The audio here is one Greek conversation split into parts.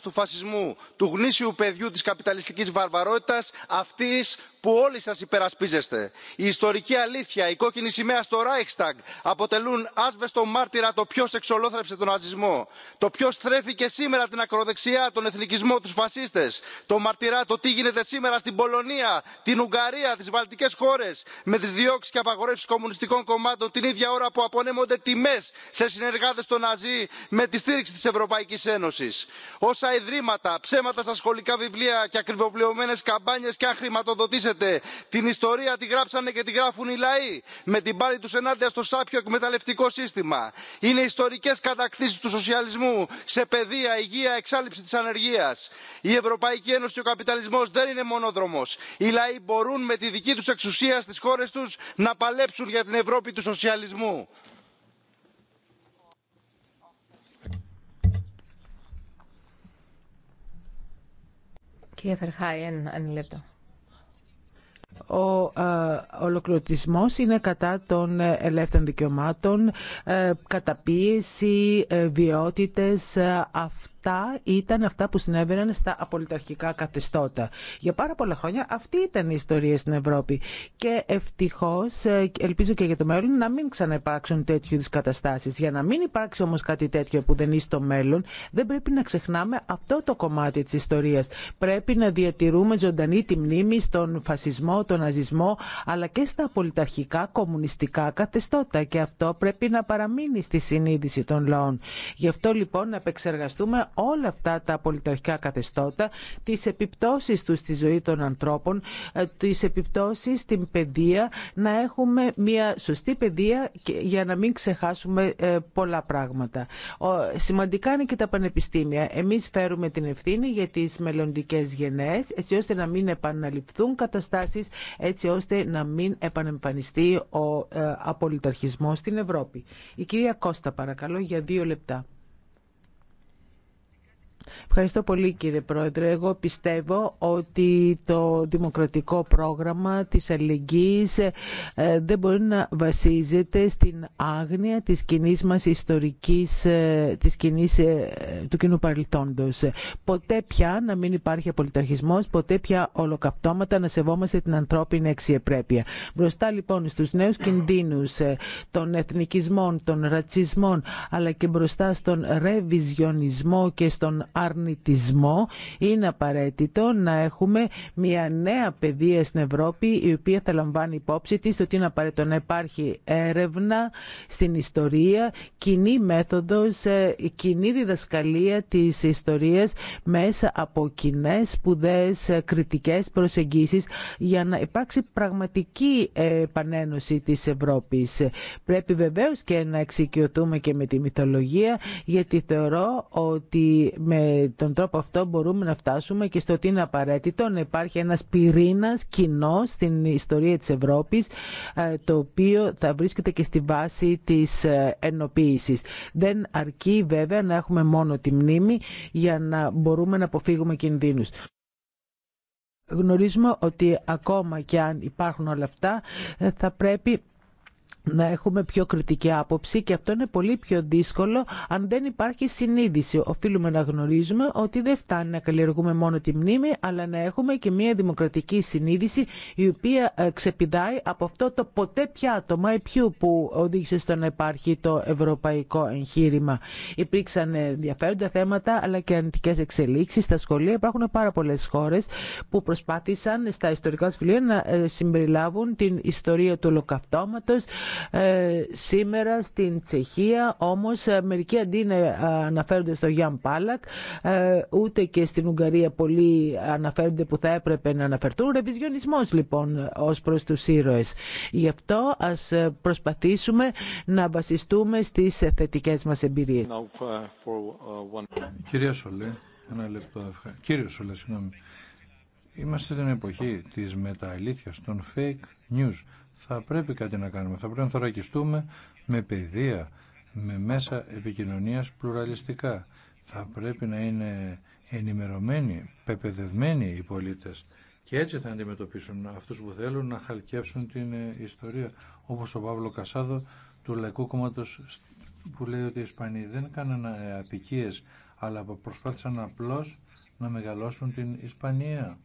του φασισμού του γνήσιου παιδιού της καπιταλιστικής βαρβαρότητας αυτής που όλοι σας υπερασπίζεστε. Η ιστορική αλήθεια, η κόκκινη σημαία στο Reichstag αποτελούν άσβεστο μάρτυρα το ποιο εξολόθρεψε τον ναζισμό, το ποιο θρέφει και σήμερα την ακροδεξιά, τον εθνικισμό, τους φασίστες, το μαρτυρά το τι γίνεται σήμερα στην Πολωνία, την Ουγγαρία, τις Βαλτικές χώρες με τις διώξεις και απαγορεύσεις κομμουνιστικών κομμάτων την ίδια ώρα που απονέμονται τιμές σε συνεργάτες των Ναζί με τη στήριξη της Ευρωπαϊκής Ένωσης. Όσα ιδρύματα ψέματα στα σχολικά βιβλία και ακριβοπληρωμένε καμπάνιες και αν χρηματοδοτήσετε την ιστορία τη γράψανε και τη γράφουν οι λαοί με την πάλη του ενάντια στο σάπιο εκμεταλλευτικό σύστημα. Είναι ιστορικές κατακτήσεις του σοσιαλισμού σε παιδεία, υγεία, εξάλληψη της ανεργίας. Η Ευρωπαϊκή Ένωση και ο καπιταλισμός δεν είναι μονόδρομος. Οι λαοί μπορούν με τη δική τους εξουσία στις χώρε του να παλέψουν για την Ευρώπη του σοσιαλισμού. λεπτό ο ε, ολοκληρωτισμός είναι κατά των ελεύθερων δικαιωμάτων, ε, καταπίεση, ε, βιότητες. Αυτό αυτά ήταν αυτά που συνέβαιναν στα απολυταρχικά καθεστώτα. Για πάρα πολλά χρόνια αυτή ήταν η ιστορία στην Ευρώπη. Και ευτυχώ, ε, ελπίζω και για το μέλλον, να μην ξαναυπάρξουν τέτοιου είδου καταστάσει. Για να μην υπάρξει όμω κάτι τέτοιο που δεν είναι στο μέλλον, δεν πρέπει να ξεχνάμε αυτό το κομμάτι τη ιστορία. Πρέπει να διατηρούμε ζωντανή τη μνήμη στον φασισμό, τον ναζισμό, αλλά και στα απολυταρχικά κομμουνιστικά καθεστώτα. Και αυτό πρέπει να παραμείνει στη συνείδηση των λαών. Γι' αυτό λοιπόν να επεξεργαστούμε όλα αυτά τα πολιταρχικά καθεστώτα, τις επιπτώσεις τους στη ζωή των ανθρώπων, ε, τις επιπτώσεις στην παιδεία, να έχουμε μια σωστή παιδεία για να μην ξεχάσουμε ε, πολλά πράγματα. Σημαντικά είναι και τα πανεπιστήμια. Εμείς φέρουμε την ευθύνη για τις μελλοντικέ γενναίες, έτσι ώστε να μην επαναληφθούν καταστάσεις, έτσι ώστε να μην επανεμφανιστεί ο ε, απολυταρχισμός στην Ευρώπη. Η κυρία Κώστα παρακαλώ για δύο λεπτά. Ευχαριστώ πολύ κύριε Πρόεδρε. Εγώ πιστεύω ότι το δημοκρατικό πρόγραμμα της αλληλεγγύης ε, δεν μπορεί να βασίζεται στην άγνοια της κοινή μας ιστορικής, ε, της κοινής, ε, του κοινού παρελθόντος. Ποτέ πια να μην υπάρχει απολυταρχισμός, ποτέ πια ολοκαυτώματα να σεβόμαστε την ανθρώπινη αξιεπρέπεια. Μπροστά λοιπόν στους νέους κινδύνους των εθνικισμών, των ρατσισμών, αλλά και μπροστά στον ρεβιζιονισμό και στον αρνητισμό, είναι απαραίτητο να έχουμε μια νέα παιδεία στην Ευρώπη η οποία θα λαμβάνει υπόψη της ότι είναι απαραίτητο να υπάρχει έρευνα στην ιστορία, κοινή μέθοδος, ε, κοινή διδασκαλία της ιστορίας μέσα από κοινέ σπουδέ ε, κριτικές προσεγγίσεις για να υπάρξει πραγματική επανένωση της Ευρώπης. Πρέπει βεβαίως και να εξοικειωθούμε και με τη μυθολογία γιατί θεωρώ ότι με τον τρόπο αυτό μπορούμε να φτάσουμε και στο ότι είναι απαραίτητο να υπάρχει ένας πυρήνας κοινό στην ιστορία της Ευρώπης ε, το οποίο θα βρίσκεται και στη βάση της ε, ενοποίησης. Δεν αρκεί βέβαια να έχουμε μόνο τη μνήμη για να μπορούμε να αποφύγουμε κινδύνους γνωρίζουμε ότι ακόμα και αν υπάρχουν όλα αυτά ε, θα πρέπει να έχουμε πιο κριτική άποψη και αυτό είναι πολύ πιο δύσκολο αν δεν υπάρχει συνείδηση. Οφείλουμε να γνωρίζουμε ότι δεν φτάνει να καλλιεργούμε μόνο τη μνήμη, αλλά να έχουμε και μια δημοκρατική συνείδηση η οποία ε, ξεπηδάει από αυτό το ποτέ πια το ποιου που οδήγησε στο να υπάρχει το ευρωπαϊκό εγχείρημα. Υπήρξαν ε, ενδιαφέροντα θέματα αλλά και αρνητικέ εξελίξει στα σχολεία. Υπάρχουν πάρα πολλέ χώρε που προσπάθησαν στα ιστορικά σχολεία να ε, συμπεριλάβουν την ιστορία του ολοκαυτώματο, ε, σήμερα στην Τσεχία όμως ε, μερικοί αντί να ε, αναφέρονται στο Γιάν Πάλακ ούτε και στην Ουγγαρία πολλοί αναφέρονται που θα έπρεπε να αναφερθούν. Ρεβιζιονισμός λοιπόν ως προς τους ήρωες. Γι' αυτό ας προσπαθήσουμε να βασιστούμε στις θετικές μας εμπειρίες. Uh, uh, Κυρία Σολέ, ένα λεπτό Κύριο Σολέ, συγγνώμη. Είμαστε στην εποχή της μεταλήθειας, των fake news. Θα πρέπει κάτι να κάνουμε. Θα πρέπει να θωρακιστούμε με παιδεία, με μέσα επικοινωνίας πλουραλιστικά. Θα πρέπει να είναι ενημερωμένοι, πεπαιδευμένοι οι πολίτες. Και έτσι θα αντιμετωπίσουν αυτούς που θέλουν να χαλκεύσουν την ε, ιστορία. Όπως ο Παύλο Κασάδο του Λαϊκού κόμματο που λέει ότι οι Ισπανοί δεν έκαναν ε, απικίες αλλά προσπάθησαν απλώς να μεγαλώσουν την Ισπανία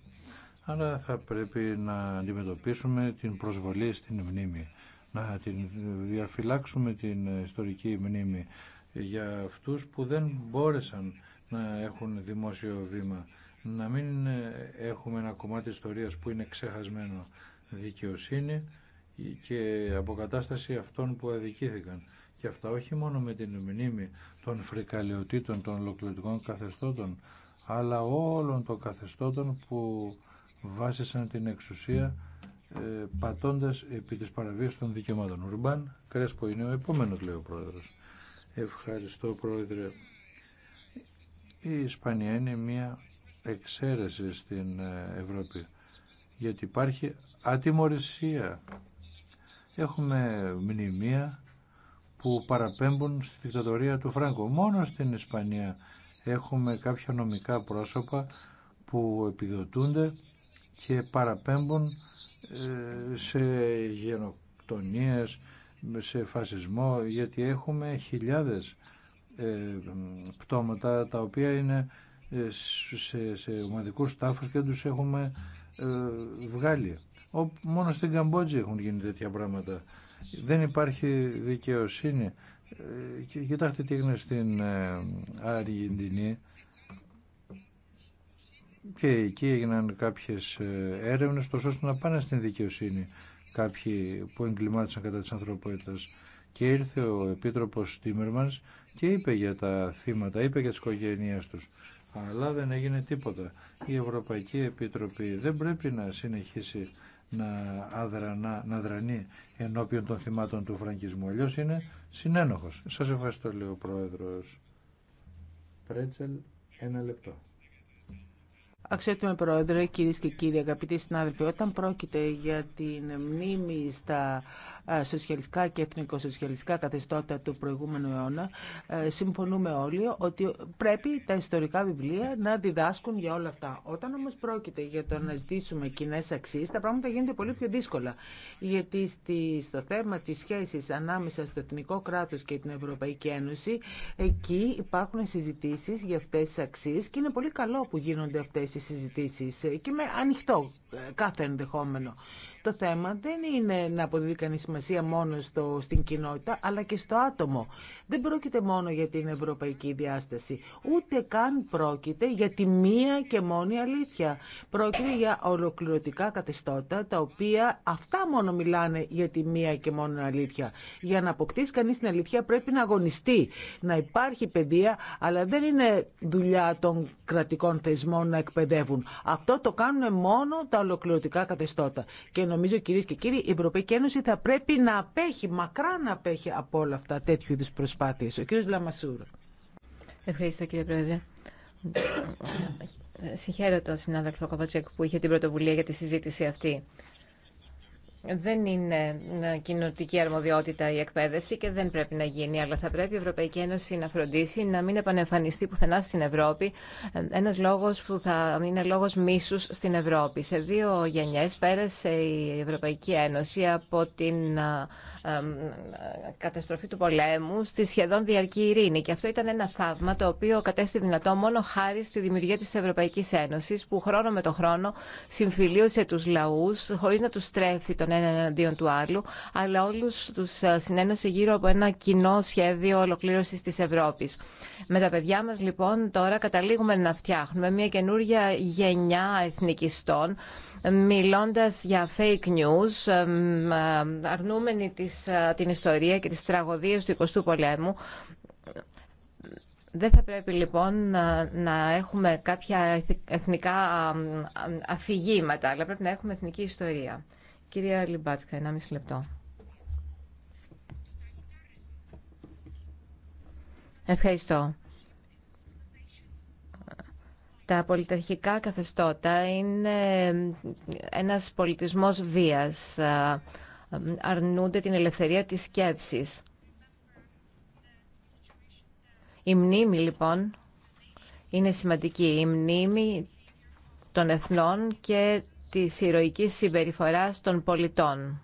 αλλά θα πρέπει να αντιμετωπίσουμε την προσβολή στην μνήμη, να την διαφυλάξουμε την ιστορική μνήμη για αυτούς που δεν μπόρεσαν να έχουν δημόσιο βήμα, να μην έχουμε ένα κομμάτι ιστορίας που είναι ξεχασμένο δικαιοσύνη και αποκατάσταση αυτών που αδικήθηκαν. Και αυτά όχι μόνο με την μνήμη των φρικαλαιοτήτων, των ολοκληρωτικών καθεστώτων, αλλά όλων των καθεστώτων που βάσισαν την εξουσία ε, πατώντας επί της παραβίας των δικαιωμάτων. Ρουμπάν Κρέσπο είναι ο επόμενος, λέει ο πρόεδρος. Ευχαριστώ, πρόεδρε. Η Ισπανία είναι μια εξαίρεση στην ε, Ευρώπη, γιατί υπάρχει ατιμορρησία. Έχουμε μνημεία που παραπέμπουν στη δικτατορία του Φράγκο. Μόνο στην Ισπανία έχουμε κάποια νομικά πρόσωπα που επιδοτούνται και παραπέμπουν ε, σε γενοκτονίες, σε φασισμό, γιατί έχουμε χιλιάδες ε, πτώματα τα οποία είναι ε, σε, σε ομαδικούς τάφους και τους έχουμε βγάλει. Μόνο στην Καμπότζη έχουν γίνει τέτοια πράγματα. Δεν υπάρχει δικαιοσύνη. Κοιτάξτε τι έγινε στην Αργεντινή και εκεί έγιναν κάποιες ε, έρευνες τόσο ώστε να πάνε στην δικαιοσύνη κάποιοι που εγκλημάτισαν κατά της ανθρωπότητας και ήρθε ο Επίτροπος Τίμερμανς και είπε για τα θύματα, είπε για τις οικογένειές τους αλλά δεν έγινε τίποτα η Ευρωπαϊκή Επιτροπή δεν πρέπει να συνεχίσει να, αδρανά, να δρανεί ενώπιον των θυμάτων του φραγκισμού αλλιώς είναι συνένοχος σας ευχαριστώ λέει ο Πρόεδρος Πρέτσελ ένα λεπτό Αξιότιμε Πρόεδρε, κυρίε και κύριοι, αγαπητοί συνάδελφοι, όταν πρόκειται για την μνήμη στα ε, σοσιαλιστικά και εθνικοσοσιαλιστικά καθεστώτα του προηγούμενου αιώνα, ε, συμφωνούμε όλοι ότι πρέπει τα ιστορικά βιβλία να διδάσκουν για όλα αυτά. Όταν όμω πρόκειται για το να ζητήσουμε κοινέ αξίε, τα πράγματα γίνονται πολύ πιο δύσκολα. Γιατί στο θέμα τη σχέση ανάμεσα στο εθνικό κράτο και την Ευρωπαϊκή Ένωση, εκεί υπάρχουν συζητήσει για αυτέ τι αξίε και είναι πολύ καλό που γίνονται αυτέ στις συζητήσεις και με ανοιχτό ε, κάθε ενδεχόμενο. Το θέμα δεν είναι να αποδίδει κανεί σημασία μόνο στο, στην κοινότητα, αλλά και στο άτομο. Δεν πρόκειται μόνο για την ευρωπαϊκή διάσταση. Ούτε καν πρόκειται για τη μία και μόνη αλήθεια. Πρόκειται για ολοκληρωτικά καθεστώτα, τα οποία αυτά μόνο μιλάνε για τη μία και μόνη αλήθεια. Για να αποκτήσει κανεί την αλήθεια πρέπει να αγωνιστεί, να υπάρχει παιδεία, αλλά δεν είναι δουλειά των κρατικών θεσμών να εκπαιδεύουν αυτό το κάνουν μόνο τα ολοκληρωτικά καθεστώτα. Και νομίζω κυρίε και κύριοι, η Ευρωπαϊκή Ένωση θα πρέπει να απέχει, μακρά να απέχει από όλα αυτά τέτοιου είδου προσπάθειε. Ο κύριο Λαμασούρ. Ευχαριστώ κύριε Πρόεδρε. Συγχαίρω τον συνάδελφο Κοβατσέκ που είχε την πρωτοβουλία για τη συζήτηση αυτή. Δεν είναι ε, κοινωτική αρμοδιότητα η εκπαίδευση και δεν πρέπει να γίνει, αλλά θα πρέπει η Ευρωπαϊκή Ένωση να φροντίσει να μην επανεμφανιστεί πουθενά στην Ευρώπη ε, ένα λόγο που θα είναι λόγο μίσου στην Ευρώπη. Σε δύο γενιέ πέρασε η Ευρωπαϊκή Ένωση από την ε, καταστροφή του πολέμου στη σχεδόν διαρκή ειρήνη. Και αυτό ήταν ένα θαύμα το οποίο κατέστη δυνατό μόνο χάρη στη δημιουργία τη Ευρωπαϊκή Ένωση που χρόνο με το χρόνο συμφιλίωσε του λαού χωρί να του στρέφει τον έναν εναντίον του άλλου, αλλά όλου του ε, συνένωσε γύρω από ένα κοινό σχέδιο ολοκλήρωση της Ευρώπη. Με τα παιδιά μα, λοιπόν τώρα καταλήγουμε να φτιάχνουμε μια καινούργια γενιά εθνικιστών, μιλώντας για fake news, ε, αρνούμενοι της, ε, την ιστορία και τις τραγωδίες του 20ου πολέμου, δεν θα πρέπει λοιπόν να έχουμε κάποια εθνικά αφηγήματα, αλλά πρέπει να έχουμε εθνική ιστορία. Κυρία Λιμπάτσκα, 1,5 λεπτό. Ευχαριστώ. Τα πολιταρχικά καθεστώτα είναι ένας πολιτισμός βίας. Αρνούνται την ελευθερία της σκέψης. Η μνήμη, λοιπόν, είναι σημαντική. Η μνήμη των εθνών και της ηρωικής συμπεριφοράς των πολιτών.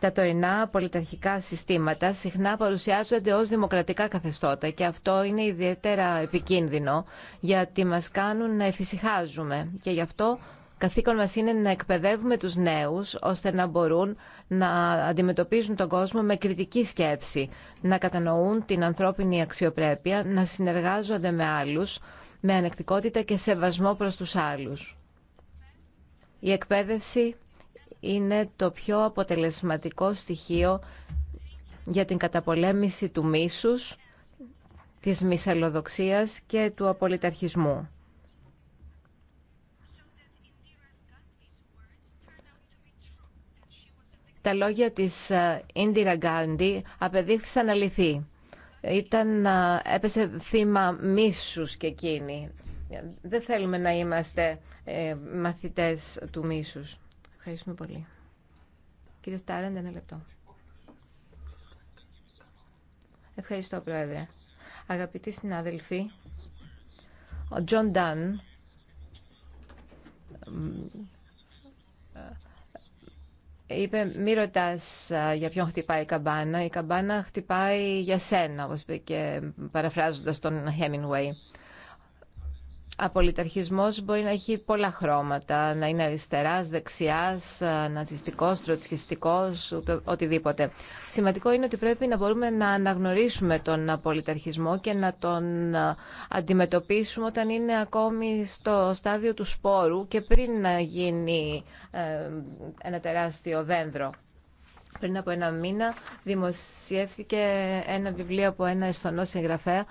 Τα τωρινά πολιταρχικά συστήματα συχνά παρουσιάζονται ως δημοκρατικά καθεστώτα και αυτό είναι ιδιαίτερα επικίνδυνο γιατί μας κάνουν να εφησυχάζουμε και γι' αυτό καθήκον μας είναι να εκπαιδεύουμε τους νέους ώστε να μπορούν να αντιμετωπίζουν τον κόσμο με κριτική σκέψη, να κατανοούν την ανθρώπινη αξιοπρέπεια, να συνεργάζονται με άλλους με ανεκτικότητα και σεβασμό προς τους άλλους. Η εκπαίδευση είναι το πιο αποτελεσματικό στοιχείο για την καταπολέμηση του μίσους, της μυσαλλοδοξίας και του απολυταρχισμού. Τα λόγια της Ίντιρα ε, Γκάντι απεδείχθησαν αληθή ήταν, έπεσε θύμα μίσους και εκείνη. Δεν θέλουμε να είμαστε ε, μαθητές του μίσους. Ευχαριστούμε πολύ. Κύριο Τάραντ, ένα λεπτό. Ευχαριστώ, Πρόεδρε. Αγαπητοί συνάδελφοι, ο Τζον Ντάν είπε μη ρωτά για ποιον χτυπάει η καμπάνα, η καμπάνα χτυπάει για σένα, όπως είπε και παραφράζοντας τον Hemingway απολυταρχισμός μπορεί να έχει πολλά χρώματα, να είναι αριστεράς, δεξιάς, νατσιστικός, τροτσχιστικός, οτιδήποτε. Σημαντικό είναι ότι πρέπει να μπορούμε να αναγνωρίσουμε τον απολυταρχισμό και να τον αντιμετωπίσουμε όταν είναι ακόμη στο στάδιο του σπόρου και πριν να γίνει ε, ένα τεράστιο δένδρο. Πριν από ένα μήνα δημοσιεύθηκε ένα βιβλίο από ένα εσθονό συγγραφέα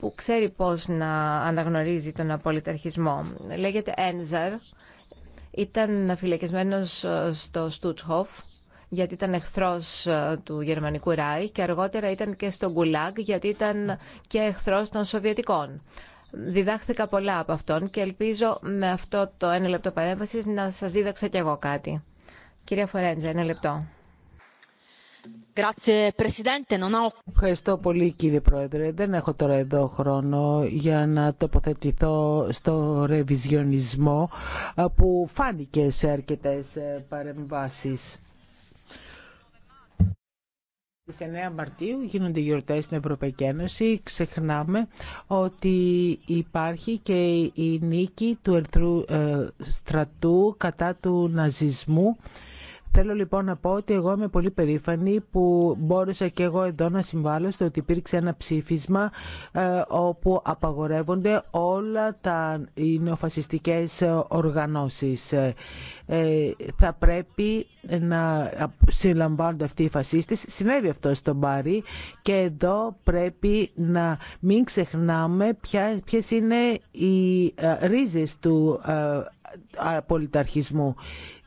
που ξέρει πώς να αναγνωρίζει τον απολυταρχισμό. Λέγεται Ένζαρ, ήταν φυλακισμένος ε, στο Στούτσχοφ, γιατί ήταν εχθρός ε, του Γερμανικού Ράι και αργότερα ήταν και στο Γκουλάγ, γιατί ήταν και εχθρός των Σοβιετικών. Διδάχθηκα πολλά από αυτόν και ελπίζω με αυτό το ένα λεπτό παρέμβασης να σας δίδαξα κι εγώ κάτι. Κυρία Φορέντζα, ένα λεπτό. Ευχαριστώ πολύ κύριε Πρόεδρε. Δεν έχω τώρα εδώ χρόνο για να τοποθετηθώ στο ρεβιζιονισμό που φάνηκε σε αρκετές ε, παρεμβάσεις. Στις 9 Μαρτίου γίνονται γιορτές στην Ευρωπαϊκή Ένωση. Ξεχνάμε ότι υπάρχει και η νίκη του ερθρού ε, στρατού κατά του ναζισμού Θέλω λοιπόν να πω ότι εγώ είμαι πολύ περήφανη που μπόρεσα και εγώ εδώ να συμβάλλω στο ότι υπήρξε ένα ψήφισμα ε, όπου απαγορεύονται όλα τα νεοφασιστικές οργανώσεις. Ε, ε, θα πρέπει να συλλαμβάνονται αυτοί οι φασίστες. Συνέβη αυτό στο Μπάρι και εδώ πρέπει να μην ξεχνάμε ποια, ποιες είναι οι ρίζες του πολιταρχισμού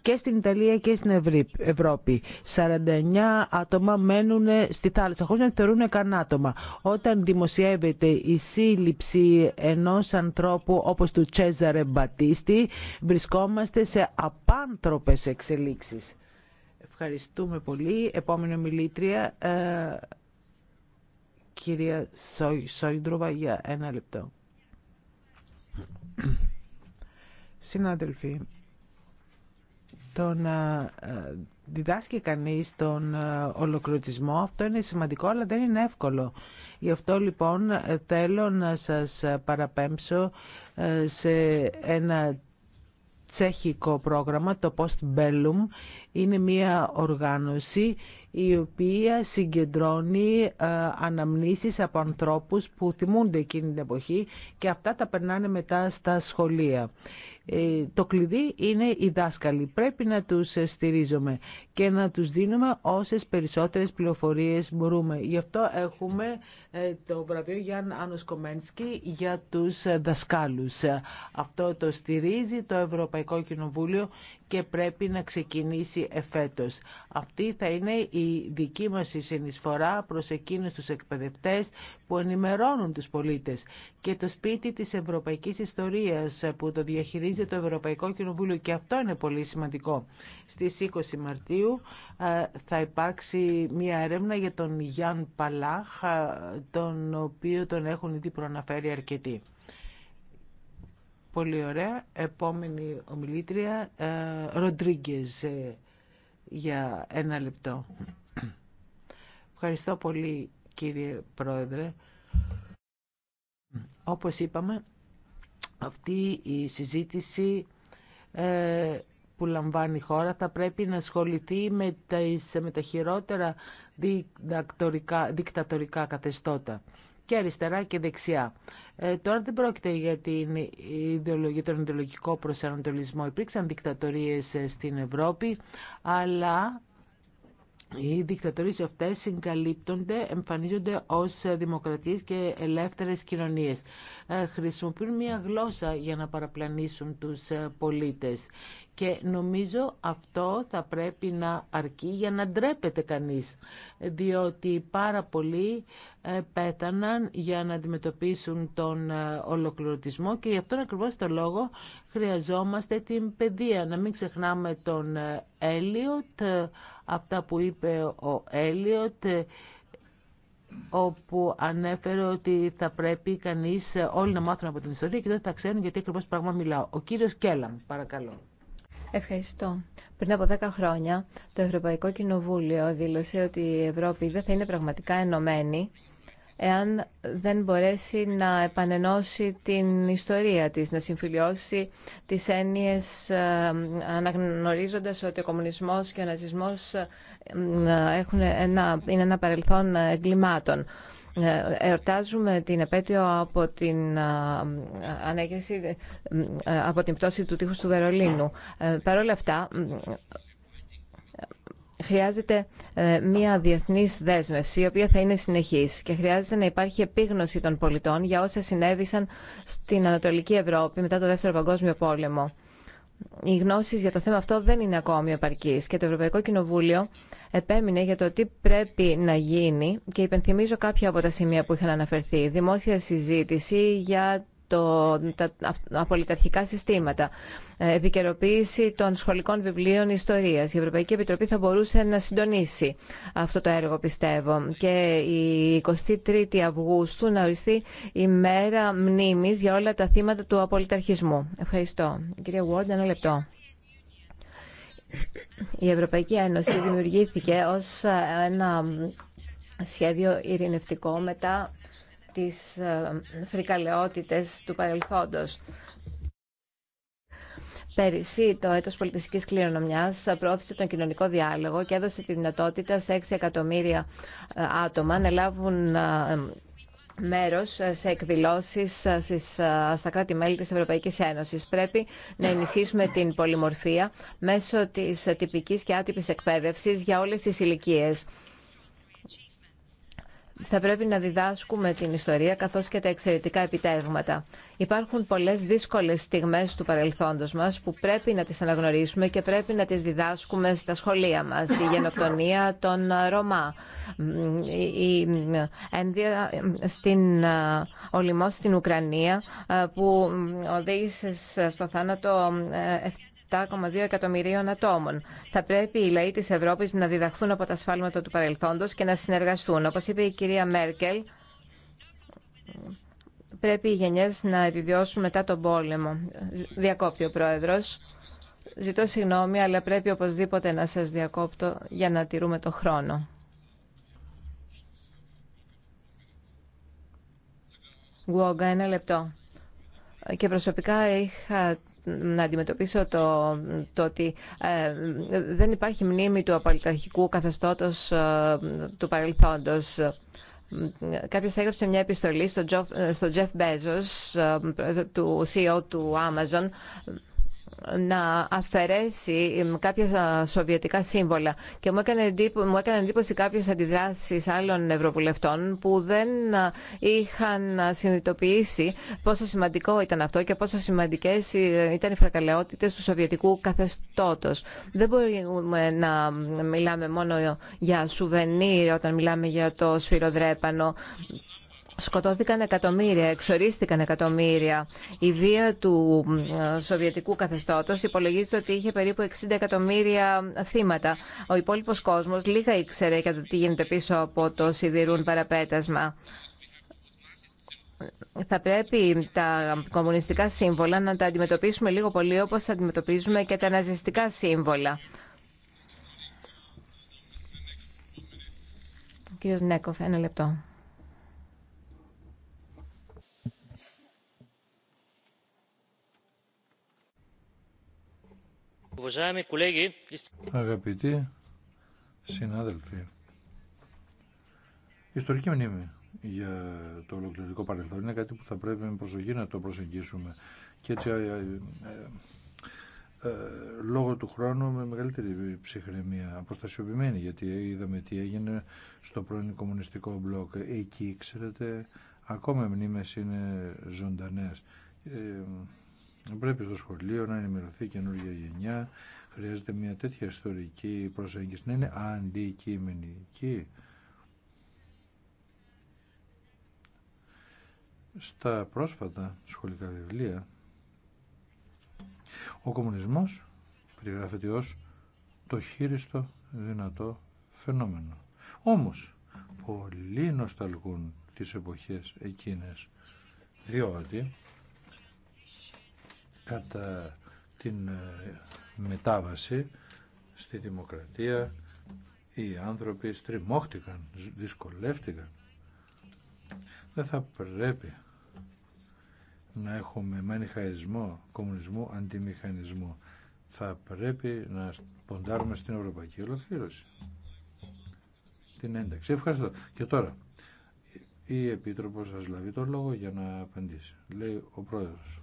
και στην Ιταλία και στην Ευρώπη. 49 άτομα μένουν στη θάλασσα χωρίς να θεωρούν καν άτομα. Όταν δημοσιεύεται η σύλληψη ενός ανθρώπου όπως του Τσέζαρε Μπατίστη βρισκόμαστε σε απάνθρωπες εξελίξεις. Ευχαριστούμε πολύ. Επόμενη μιλήτρια, ε, κυρία Σόιντροβα, για ένα λεπτό. Συνάδελφοι, το να ε, διδάσκει κανείς τον ε, ολοκληρωτισμό, αυτό είναι σημαντικό, αλλά δεν είναι εύκολο. Γι' αυτό λοιπόν ε, θέλω να σας παραπέμψω σε ένα τσέχικο πρόγραμμα, το Post Bellum. Είναι μια οργάνωση η οποία συγκεντρώνει αναμνήσεις από ανθρώπους που θυμούνται εκείνη την εποχή και αυτά τα περνάνε μετά στα σχολεία. Ε, το κλειδί είναι οι δάσκαλοι. Πρέπει να τους στηρίζουμε και να τους δίνουμε όσες περισσότερες πληροφορίες μπορούμε. Γι' αυτό έχουμε ε, το βραβείο Γιάνν Άνος για τους δασκάλους. Αυτό το στηρίζει το Ευρωπαϊκό Κοινοβούλιο και πρέπει να ξεκινήσει εφέτος. Αυτή θα είναι η δική μας συνεισφορά προς εκείνους τους εκπαιδευτές που ενημερώνουν τους πολίτες και το σπίτι της ευρωπαϊκής ιστορίας που το διαχειρίζεται το Ευρωπαϊκό Κοινοβούλιο και αυτό είναι πολύ σημαντικό. Στις 20 Μαρτίου ε, θα υπάρξει μια έρευνα για τον Γιάν Παλάχ ε, τον οποίο τον έχουν ήδη προναφέρει αρκετοί. Πολύ ωραία. Επόμενη ομιλήτρια, ε, Ροντρίγκε, ε, για ένα λεπτό. Ευχαριστώ πολύ, κύριε Πρόεδρε. Όπως είπαμε, αυτή η συζήτηση ε, που λαμβάνει η χώρα θα πρέπει να ασχοληθεί με τα, με τα χειρότερα δικτατορικά καθεστώτα και αριστερά και δεξιά. Ε, τώρα δεν πρόκειται για, την, για τον ιδεολογικό προσανατολισμό. Υπήρξαν δικτατορίες ε, στην Ευρώπη, αλλά οι δικτατορίες αυτές συγκαλύπτονται, εμφανίζονται ως δημοκρατίες και ελεύθερες κοινωνίες. Ε, χρησιμοποιούν μια γλώσσα για να παραπλανήσουν τους ε, πολίτες. Και νομίζω αυτό θα πρέπει να αρκεί για να ντρέπεται κανείς, διότι πάρα πολλοί ε, πέθαναν για να αντιμετωπίσουν τον ολοκληρωτισμό και γι' αυτόν ακριβώς το λόγο χρειαζόμαστε την παιδεία. Να μην ξεχνάμε τον Έλιοτ, αυτά που είπε ο Έλιοτ όπου ανέφερε ότι θα πρέπει κανείς όλοι να μάθουν από την ιστορία και δεν θα ξέρουν γιατί ακριβώς πράγμα μιλάω. Ο κύριος Κέλαμ, παρακαλώ. Ευχαριστώ. Πριν από 10 χρόνια το Ευρωπαϊκό Κοινοβούλιο δήλωσε ότι η Ευρώπη δεν θα είναι πραγματικά ενωμένη εάν δεν μπορέσει να επανενώσει την ιστορία της, να συμφιλιώσει τις έννοιες ε, αναγνωρίζοντας ότι ο κομμουνισμός και ο ναζισμός ε, έχουν ένα, είναι ένα παρελθόν εγκλημάτων. Ε, εορτάζουμε την επέτειο από την ανέγερση, από την πτώση του τείχους του Βερολίνου. Παρ' αυτά, Χρειάζεται ε, μια διεθνής δέσμευση, η οποία θα είναι συνεχής και χρειάζεται να υπάρχει επίγνωση των πολιτών για όσα συνέβησαν στην Ανατολική Ευρώπη μετά το Δεύτερο Παγκόσμιο Πόλεμο. Οι γνώσει για το θέμα αυτό δεν είναι ακόμη επαρκή και το Ευρωπαϊκό Κοινοβούλιο επέμεινε για το τι πρέπει να γίνει και υπενθυμίζω κάποια από τα σημεία που είχαν αναφερθεί. Δημόσια συζήτηση για το, τα απολυταρχικά συστήματα, ε, επικαιροποίηση των σχολικών βιβλίων ιστορίας. Η Ευρωπαϊκή Επιτροπή θα μπορούσε να συντονίσει αυτό το έργο, πιστεύω. Και η 23η Αυγούστου να οριστεί η μέρα μνήμης για όλα τα θύματα του απολυταρχισμού. Ευχαριστώ. Κυρία Ward, ένα λεπτό. Η Ευρωπαϊκή Ένωση δημιουργήθηκε ως ε, ένα σχέδιο ειρηνευτικό μετά τις ε, φρικαλαιότητες του παρελθόντος. Πέρυσι, το έτος πολιτιστικής κληρονομιάς προώθησε τον κοινωνικό διάλογο και έδωσε τη δυνατότητα σε 6 εκατομμύρια ε, άτομα να λάβουν ε, μέρος σε εκδηλώσεις στις, στα κράτη-μέλη της Ευρωπαϊκής Ένωσης. Πρέπει να ενισχύσουμε την πολυμορφία μέσω της τυπικής και άτυπης εκπαίδευση για όλες τις ηλικίε θα πρέπει να διδάσκουμε την ιστορία καθώς και τα εξαιρετικά επιτεύγματα. Υπάρχουν πολλές δύσκολες στιγμές του παρελθόντος μας που πρέπει να τις αναγνωρίσουμε και πρέπει να τις διδάσκουμε στα σχολεία μας. Η γενοκτονία των Ρωμά, η ένδια στην Ολυμό στην Ουκρανία που οδήγησε στο θάνατο ε, 7,2 εκατομμυρίων ατόμων. Θα πρέπει οι λαοί τη Ευρώπης να διδαχθούν από τα σφάλματα του παρελθόντος και να συνεργαστούν. Όπως είπε η κυρία Μέρκελ, πρέπει οι γενιές να επιβιώσουν μετά τον πόλεμο. Διακόπτει ο Πρόεδρος. Ζητώ συγγνώμη, αλλά πρέπει οπωσδήποτε να σας διακόπτω για να τηρούμε το χρόνο. Γουόγκα, ένα λεπτό. Και προσωπικά είχα να αντιμετωπίσω το, το ότι ε, δεν υπάρχει μνήμη του απολυταρχικού καθεστώτος ε, του παρελθόντος. Κάποιο έγραψε μια επιστολή στο Jeff Bezos, ε, του CEO του Amazon, να αφαιρέσει κάποια σοβιετικά σύμβολα. Και μου έκανε εντύπωση, μου έκανε κάποιες αντιδράσεις άλλων ευρωβουλευτών που δεν είχαν συνειδητοποιήσει πόσο σημαντικό ήταν αυτό και πόσο σημαντικές ε, ήταν οι φρακαλαιότητες του σοβιετικού καθεστώτος. Δεν μπορούμε να μιλάμε μόνο για σουβενίρ όταν μιλάμε για το σφυροδρέπανο Σκοτώθηκαν εκατομμύρια, εξορίστηκαν εκατομμύρια. Η βία του σοβιετικού καθεστώτος υπολογίζεται ότι είχε περίπου 60 εκατομμύρια θύματα. Ο υπόλοιπος κόσμος λίγα ήξερε για το τι γίνεται πίσω από το σιδηρούν παραπέτασμα θα πρέπει τα κομμουνιστικά σύμβολα να τα αντιμετωπίσουμε λίγο πολύ όπως αντιμετωπίζουμε και τα ναζιστικά σύμβολα. κύριος Νέκοφ, ένα λεπτό. Αγαπητοί συνάδελφοι, η ιστορική μνήμη για το ολοκληρωτικό παρελθόν είναι κάτι που θα πρέπει με προσοχή να το προσεγγίσουμε και έτσι λόγω του χρόνου με μεγαλύτερη ψυχραιμία, αποστασιοποιημένη, γιατί είδαμε τι έγινε στο πρώην κομμουνιστικό μπλοκ. Εκεί, ξέρετε, ακόμα μνήμες είναι ζωντανές. Ε, Πρέπει στο σχολείο να ενημερωθεί καινούργια γενιά. Χρειάζεται μια τέτοια ιστορική προσέγγιση να είναι αντικειμενική. Στα πρόσφατα σχολικά βιβλία ο κομμουνισμός περιγράφεται ως το χείριστο δυνατό φαινόμενο. Όμως, πολλοί νοσταλγούν τις εποχές εκείνες, διότι κατά την ε, μετάβαση στη δημοκρατία οι άνθρωποι στριμώχτηκαν, δυσκολεύτηκαν. Δεν θα πρέπει να έχουμε μανιχαϊσμό, κομμουνισμό, αντιμηχανισμό. Θα πρέπει να ποντάρουμε στην ευρωπαϊκή ολοκλήρωση. Την ένταξη. Ευχαριστώ. Και τώρα, η Επίτροπος σας λαβεί το λόγο για να απαντήσει. Λέει ο Πρόεδρος.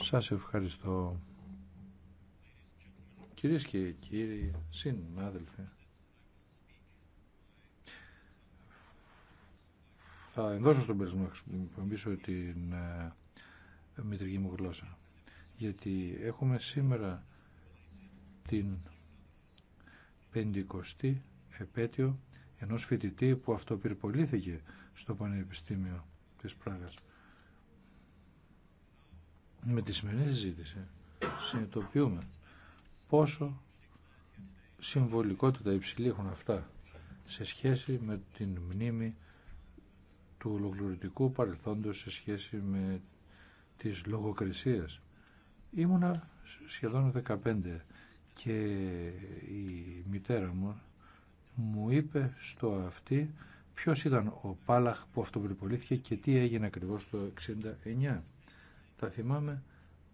Σας ευχαριστώ. Κυρίες και κύριοι συνάδελφοι, θα ενδώσω στον περισμό να την ε, μητρική μου γλώσσα. Γιατί έχουμε σήμερα την πεντηκοστή επέτειο ενός φοιτητή που αυτοπυρπολήθηκε στο Πανεπιστήμιο της Πράγας με τη σημερινή συζήτηση συνειδητοποιούμε πόσο συμβολικότητα υψηλή έχουν αυτά σε σχέση με την μνήμη του ολοκληρωτικού παρελθόντος σε σχέση με τις λογοκρισίες. Ήμουνα σχεδόν 15 και η μητέρα μου μου είπε στο αυτή ποιος ήταν ο Πάλαχ που αυτοπεριπολήθηκε και τι έγινε ακριβώς το 69. Τα θυμάμαι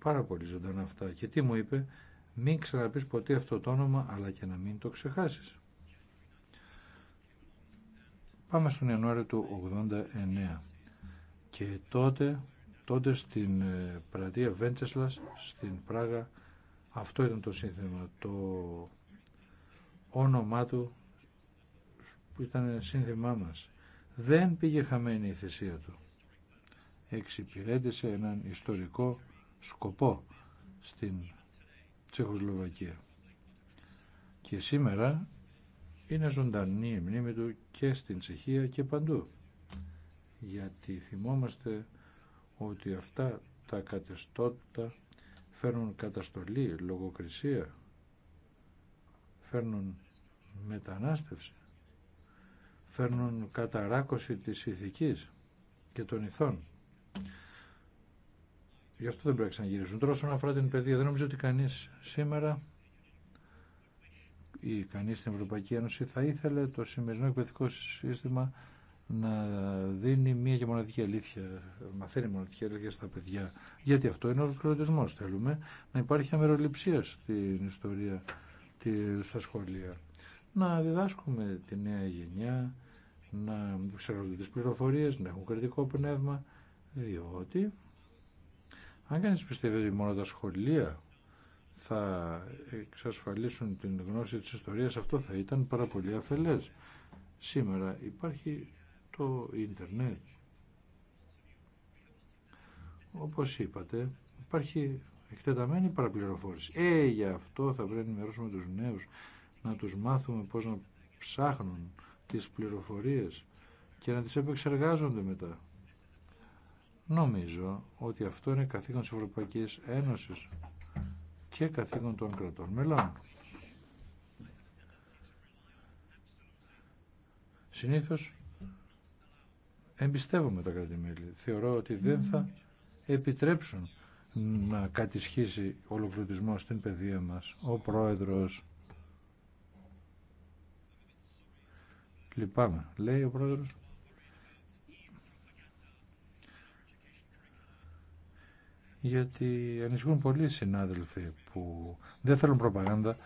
πάρα πολύ ζωντανά αυτά. Και τι μου είπε, μην ξαναπείς ποτέ αυτό το όνομα, αλλά και να μην το ξεχάσεις. Πάμε στον Ιανουάριο του 89. Και τότε, τότε στην ε, πρατεία Βέντσεσλας, στην Πράγα, αυτό ήταν το σύνθημα. Το όνομά του που ήταν σύνθημά μας. Δεν πήγε χαμένη η θυσία του εξυπηρέτησε έναν ιστορικό σκοπό στην Τσεχοσλοβακία. Και σήμερα είναι ζωντανή η μνήμη του και στην Τσεχία και παντού. Γιατί θυμόμαστε ότι αυτά τα κατεστώτα φέρνουν καταστολή, λογοκρισία, φέρνουν μετανάστευση, φέρνουν καταράκωση της ηθικής και των ηθών. Γι' αυτό δεν πρέπει να ξαναγυρίσουν. Τώρα όσον αφορά την παιδεία, δεν νομίζω ότι κανεί σήμερα ή κανεί στην Ευρωπαϊκή Ένωση θα ήθελε το σημερινό εκπαιδευτικό σύστημα να δίνει μία και μοναδική αλήθεια, μαθαίνει μοναδική αλήθεια στα παιδιά. Γιατί αυτό είναι ο ολοκληρωτισμό. Θέλουμε να υπάρχει αμεροληψία στην ιστορία στα σχολεία. Να διδάσκουμε τη νέα γενιά, να ξέρουν τι πληροφορίε, να έχουν κριτικό πνεύμα, διότι αν κανείς πιστεύει ότι μόνο τα σχολεία θα εξασφαλίσουν την γνώση της ιστορίας, αυτό θα ήταν πάρα πολύ αφελές. Σήμερα υπάρχει το ίντερνετ. Όπως είπατε, υπάρχει εκτεταμένη παραπληροφόρηση. Ε, γι' αυτό θα πρέπει να ενημερώσουμε τους νέους, να τους μάθουμε πώς να ψάχνουν τις πληροφορίες και να τις επεξεργάζονται μετά. Νομίζω ότι αυτό είναι καθήκον της Ευρωπαϊκής Ένωσης και καθήκον των κρατών μελών. Συνήθως εμπιστεύομαι τα κρατημέλη. Θεωρώ ότι δεν θα επιτρέψουν να κατησχίσει ολοκληρωτισμό στην παιδεία μας. Ο πρόεδρος λυπάμαι, λέει ο πρόεδρος γιατί ανησυχούν πολλοί συνάδελφοι που δεν θέλουν προπαγάνδα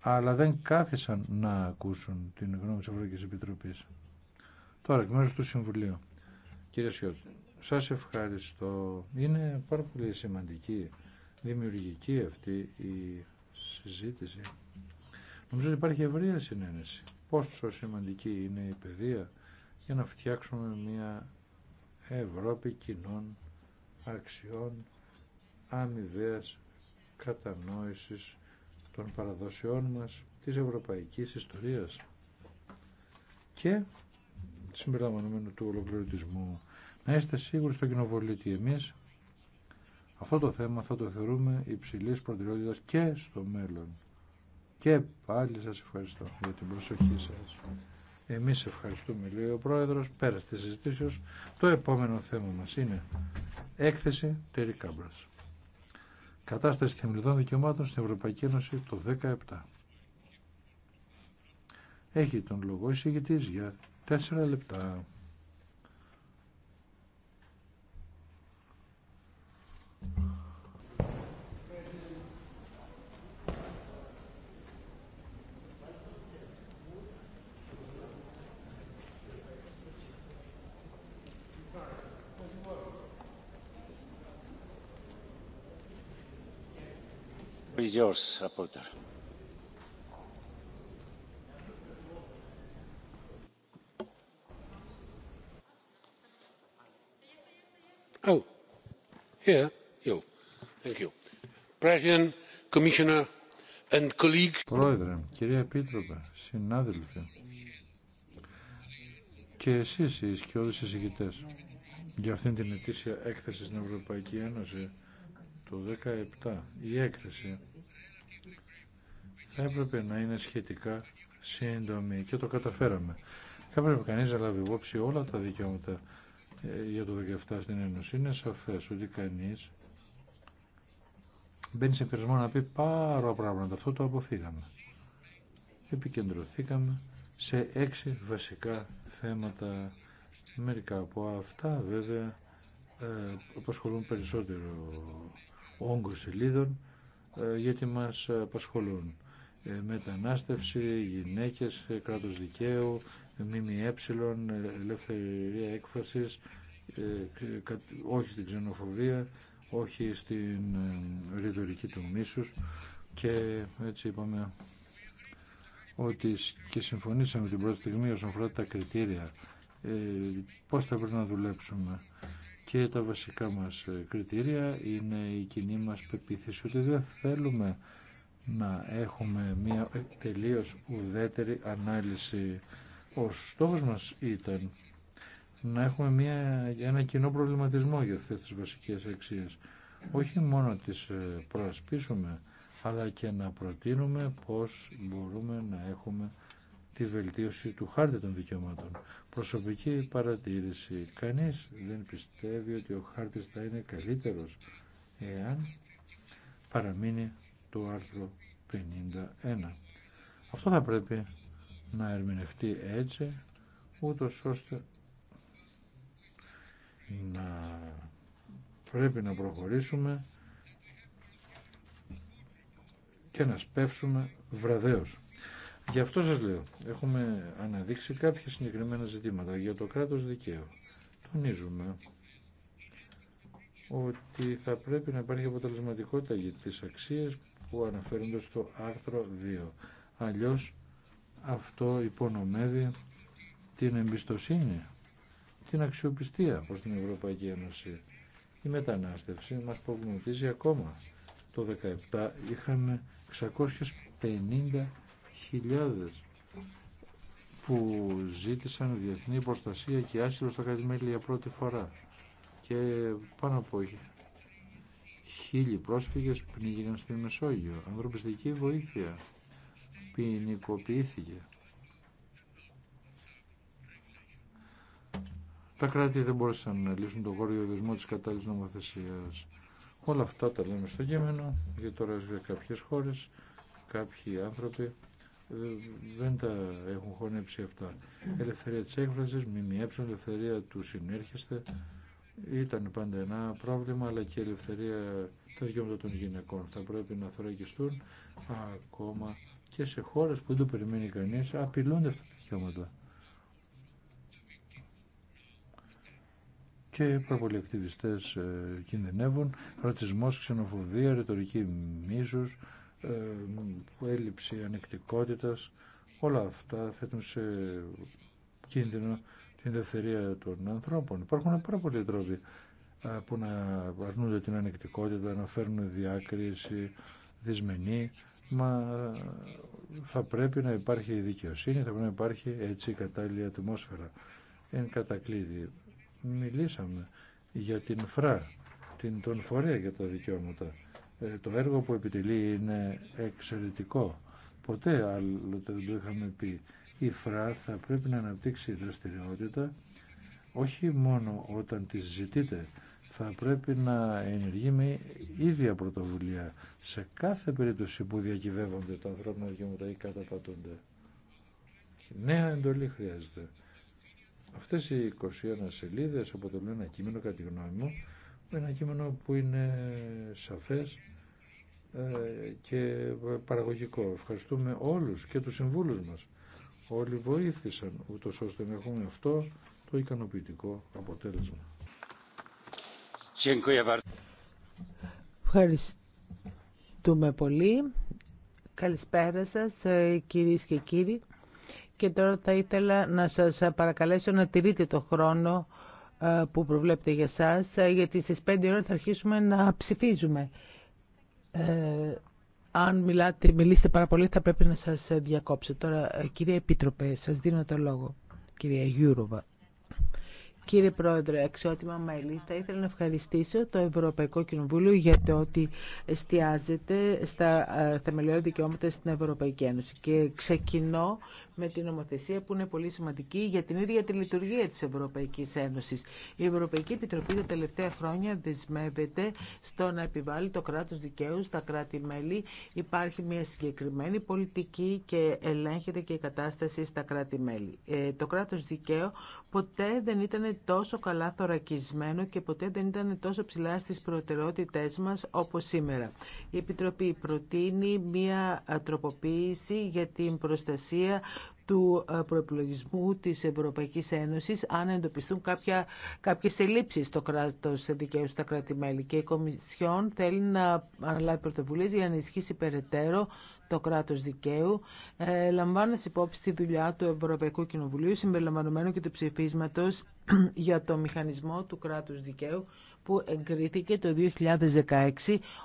αλλά δεν κάθισαν να ακούσουν την γνώμη της Ευρωπαϊκής Επιτροπής. Τώρα, εκ μέρους του Συμβουλίου. Κύριε Σιώτη, σας ευχαριστώ. Είναι πάρα πολύ σημαντική, δημιουργική αυτή η συζήτηση. Νομίζω ότι υπάρχει ευρεία συνένεση. Πόσο σημαντική είναι η παιδεία για να φτιάξουμε μια Ευρώπη κοινών αξιών αμοιβαία κατανόησης των παραδοσιών μας της ευρωπαϊκής ιστορίας και συμπεριλαμβανομένου του ολοκληρωτισμού. Να είστε σίγουροι στο κοινοβολίο ότι εμείς αυτό το θέμα θα το θεωρούμε υψηλή προτεραιότητας και στο μέλλον. Και πάλι σας ευχαριστώ για την προσοχή σας. Εμείς ευχαριστούμε, λέει ο Πρόεδρος, πέρα τη συζητήσεως. Το επόμενο θέμα μας είναι έκθεση Τέρι Κάμπρας. Κατάσταση θεμελιδών δικαιωμάτων στην Ευρωπαϊκή Ένωση το 2017. Έχει τον λόγο εισηγητής για τέσσερα λεπτά. is yours, Rapporteur. Oh, you. Thank you. President, Commissioner and colleagues. Πρόεδρε, κυρία Επίτροπε, συνάδελφοι και εσείς οι σκιώδεις εισηγητές για αυτήν την ετήσια έκθεση στην Ευρωπαϊκή Ένωση το 2017 η έκθεση θα έπρεπε να είναι σχετικά σύντομη και το καταφέραμε. Θα έπρεπε κανεί να λάβει υπόψη όλα τα δικαιώματα ε, για το 17 στην Ένωση. Είναι σαφέ ότι κανεί μπαίνει σε πειρασμό να πει πάρα πράγματα. Αυτό το αποφύγαμε. Επικεντρωθήκαμε σε έξι βασικά θέματα. Μερικά από αυτά βέβαια ε, απασχολούν περισσότερο όγκο σελίδων ε, γιατί μας απασχολούν. Ε, μετανάστευση, γυναίκες, ε, κράτος δικαίου, ΜΜΕ, ελευθερία έκφρασης, ε, όχι στην ξενοφοβία, όχι στην ρητορική του μίσους και έτσι είπαμε ότι και συμφωνήσαμε την πρώτη στιγμή όσον αφορά τα κριτήρια πώς θα πρέπει να δουλέψουμε και τα βασικά μας κριτήρια είναι η κοινή μας πεποίθηση ότι δεν θέλουμε να έχουμε μια τελείως ουδέτερη ανάλυση. Ο στόχος μας ήταν να έχουμε μια, ένα κοινό προβληματισμό για αυτές τις βασικές αξίες. Όχι μόνο τις ε, προασπίσουμε, αλλά και να προτείνουμε πώς μπορούμε να έχουμε τη βελτίωση του χάρτη των δικαιωμάτων. Προσωπική παρατήρηση. Κανείς δεν πιστεύει ότι ο χάρτης θα είναι καλύτερος εάν παραμείνει το άρθρου 51. Αυτό θα πρέπει να ερμηνευτεί έτσι, ούτω ώστε να πρέπει να προχωρήσουμε και να σπεύσουμε βραδέως. Γι' αυτό σας λέω, έχουμε αναδείξει κάποια συγκεκριμένα ζητήματα για το κράτος δικαίου. Τονίζουμε ότι θα πρέπει να υπάρχει αποτελεσματικότητα για τις αξίες που αναφέρονται στο άρθρο 2. Αλλιώς αυτό υπονομεύει την εμπιστοσύνη, την αξιοπιστία προς την Ευρωπαϊκή Ένωση. Η μετανάστευση μας προβληματίζει ακόμα. Το 2017 είχαμε 650.000 που ζήτησαν διεθνή προστασία και άσυλο στα κατημέλη για πρώτη φορά. Και πάνω από Χίλιοι πρόσφυγες πνίγηκαν στην Μεσόγειο. Ανθρωπιστική βοήθεια ποινικοποιήθηκε. Τα κράτη δεν μπόρεσαν να λύσουν τον κόριο δεσμό της κατάλληλης νομοθεσίας. Όλα αυτά τα λέμε στο κείμενο, γιατί τώρα για κάποιες χώρες, κάποιοι άνθρωποι ε, δεν τα έχουν χωνέψει αυτά. Ελευθερία της έκφρασης, μη ελευθερία του συνέρχεστε, ήταν πάντα ένα πρόβλημα αλλά και η ελευθερία τα δικαιώματα των γυναικών θα πρέπει να θωρακιστούν ακόμα και σε χώρες που δεν το περιμένει κανείς απειλούνται αυτά τα δικαιώματα. και πολλοί ακτιβιστές ε, κινδυνεύουν, ρατσισμός, ξενοφοβία, ρητορική μίσους, ε, έλλειψη ανεκτικότητας, όλα αυτά θέτουν σε κίνδυνο την ελευθερία των ανθρώπων. Υπάρχουν πάρα πολλοί τρόποι που να αρνούνται την ανεκτικότητα, να φέρνουν διάκριση, δυσμενή. Μα θα πρέπει να υπάρχει δικαιοσύνη, θα πρέπει να υπάρχει έτσι κατάλληλη ατμόσφαιρα. Εν κατακλείδη, μιλήσαμε για την ΦΡΑ, την, τον φορέα για τα δικαιώματα. Ε, το έργο που επιτελεί είναι εξαιρετικό. Ποτέ άλλο δεν το είχαμε πει η ΦΡΑ θα πρέπει να αναπτύξει δραστηριότητα όχι μόνο όταν τη ζητείτε, θα πρέπει να ενεργεί με ίδια πρωτοβουλία σε κάθε περίπτωση που διακυβεύονται τα ανθρώπινα δικαιώματα ή καταπατούνται. Νέα εντολή χρειάζεται. Αυτές οι 21 σελίδες αποτελούν ένα κείμενο, κατά τη γνώμη μου, ένα κείμενο που είναι σαφές ε, και παραγωγικό. Ευχαριστούμε όλους και τους συμβούλους μας όλοι βοήθησαν ούτως ώστε να έχουμε αυτό το ικανοποιητικό αποτέλεσμα. Ευχαριστούμε πολύ. Καλησπέρα σας ε, κυρίες και κύριοι. Και τώρα θα ήθελα να σας παρακαλέσω να τηρείτε το χρόνο ε, που προβλέπετε για σας, ε, γιατί στις 5 ώρα θα αρχίσουμε να ψηφίζουμε. Αν μιλάτε, μιλήσετε πάρα πολύ θα πρέπει να σας ε, διακόψω. Τώρα, ε, κύριε Επίτροπε, σας δίνω το λόγο. κύριε Γιούροβα. Κύριε Πρόεδρε, αξιότιμα μέλη, θα ήθελα να ευχαριστήσω το Ευρωπαϊκό Κοινοβούλιο για το ότι εστιάζεται στα ε, θεμελιώδη δικαιώματα στην Ευρωπαϊκή Ένωση. Και ξεκινώ με την νομοθεσία που είναι πολύ σημαντική για την ίδια τη λειτουργία της Ευρωπαϊκής Ένωσης. Η Ευρωπαϊκή Επιτροπή τα τελευταία χρόνια δεσμεύεται στο να επιβάλλει το κράτος δικαίου στα κράτη-μέλη. Υπάρχει μια συγκεκριμένη πολιτική και ελέγχεται και η κατάσταση στα κράτη-μέλη. Ε, το κράτος δικαίου ποτέ δεν ήταν τόσο καλά θωρακισμένο και ποτέ δεν ήταν τόσο ψηλά στις προτεραιότητές μας όπως σήμερα. Η Επιτροπή προτείνει μια τροποποίηση για την προστασία του ε, προεπιλογισμού της Ευρωπαϊκής Ένωσης αν εντοπιστούν κάποια, κάποιες ελλείψεις στο κράτος δικαίου στα κράτη-μέλη. Και η Κομισιόν θέλει να αναλάβει πρωτοβουλίες για να ενισχύσει περαιτέρω το κράτος δικαίου, ε, υπόψη τη δουλειά του Ευρωπαϊκού Κοινοβουλίου, συμπεριλαμβανομένου και του ψηφίσματος για το μηχανισμό του κράτους δικαίου που εγκρίθηκε το 2016,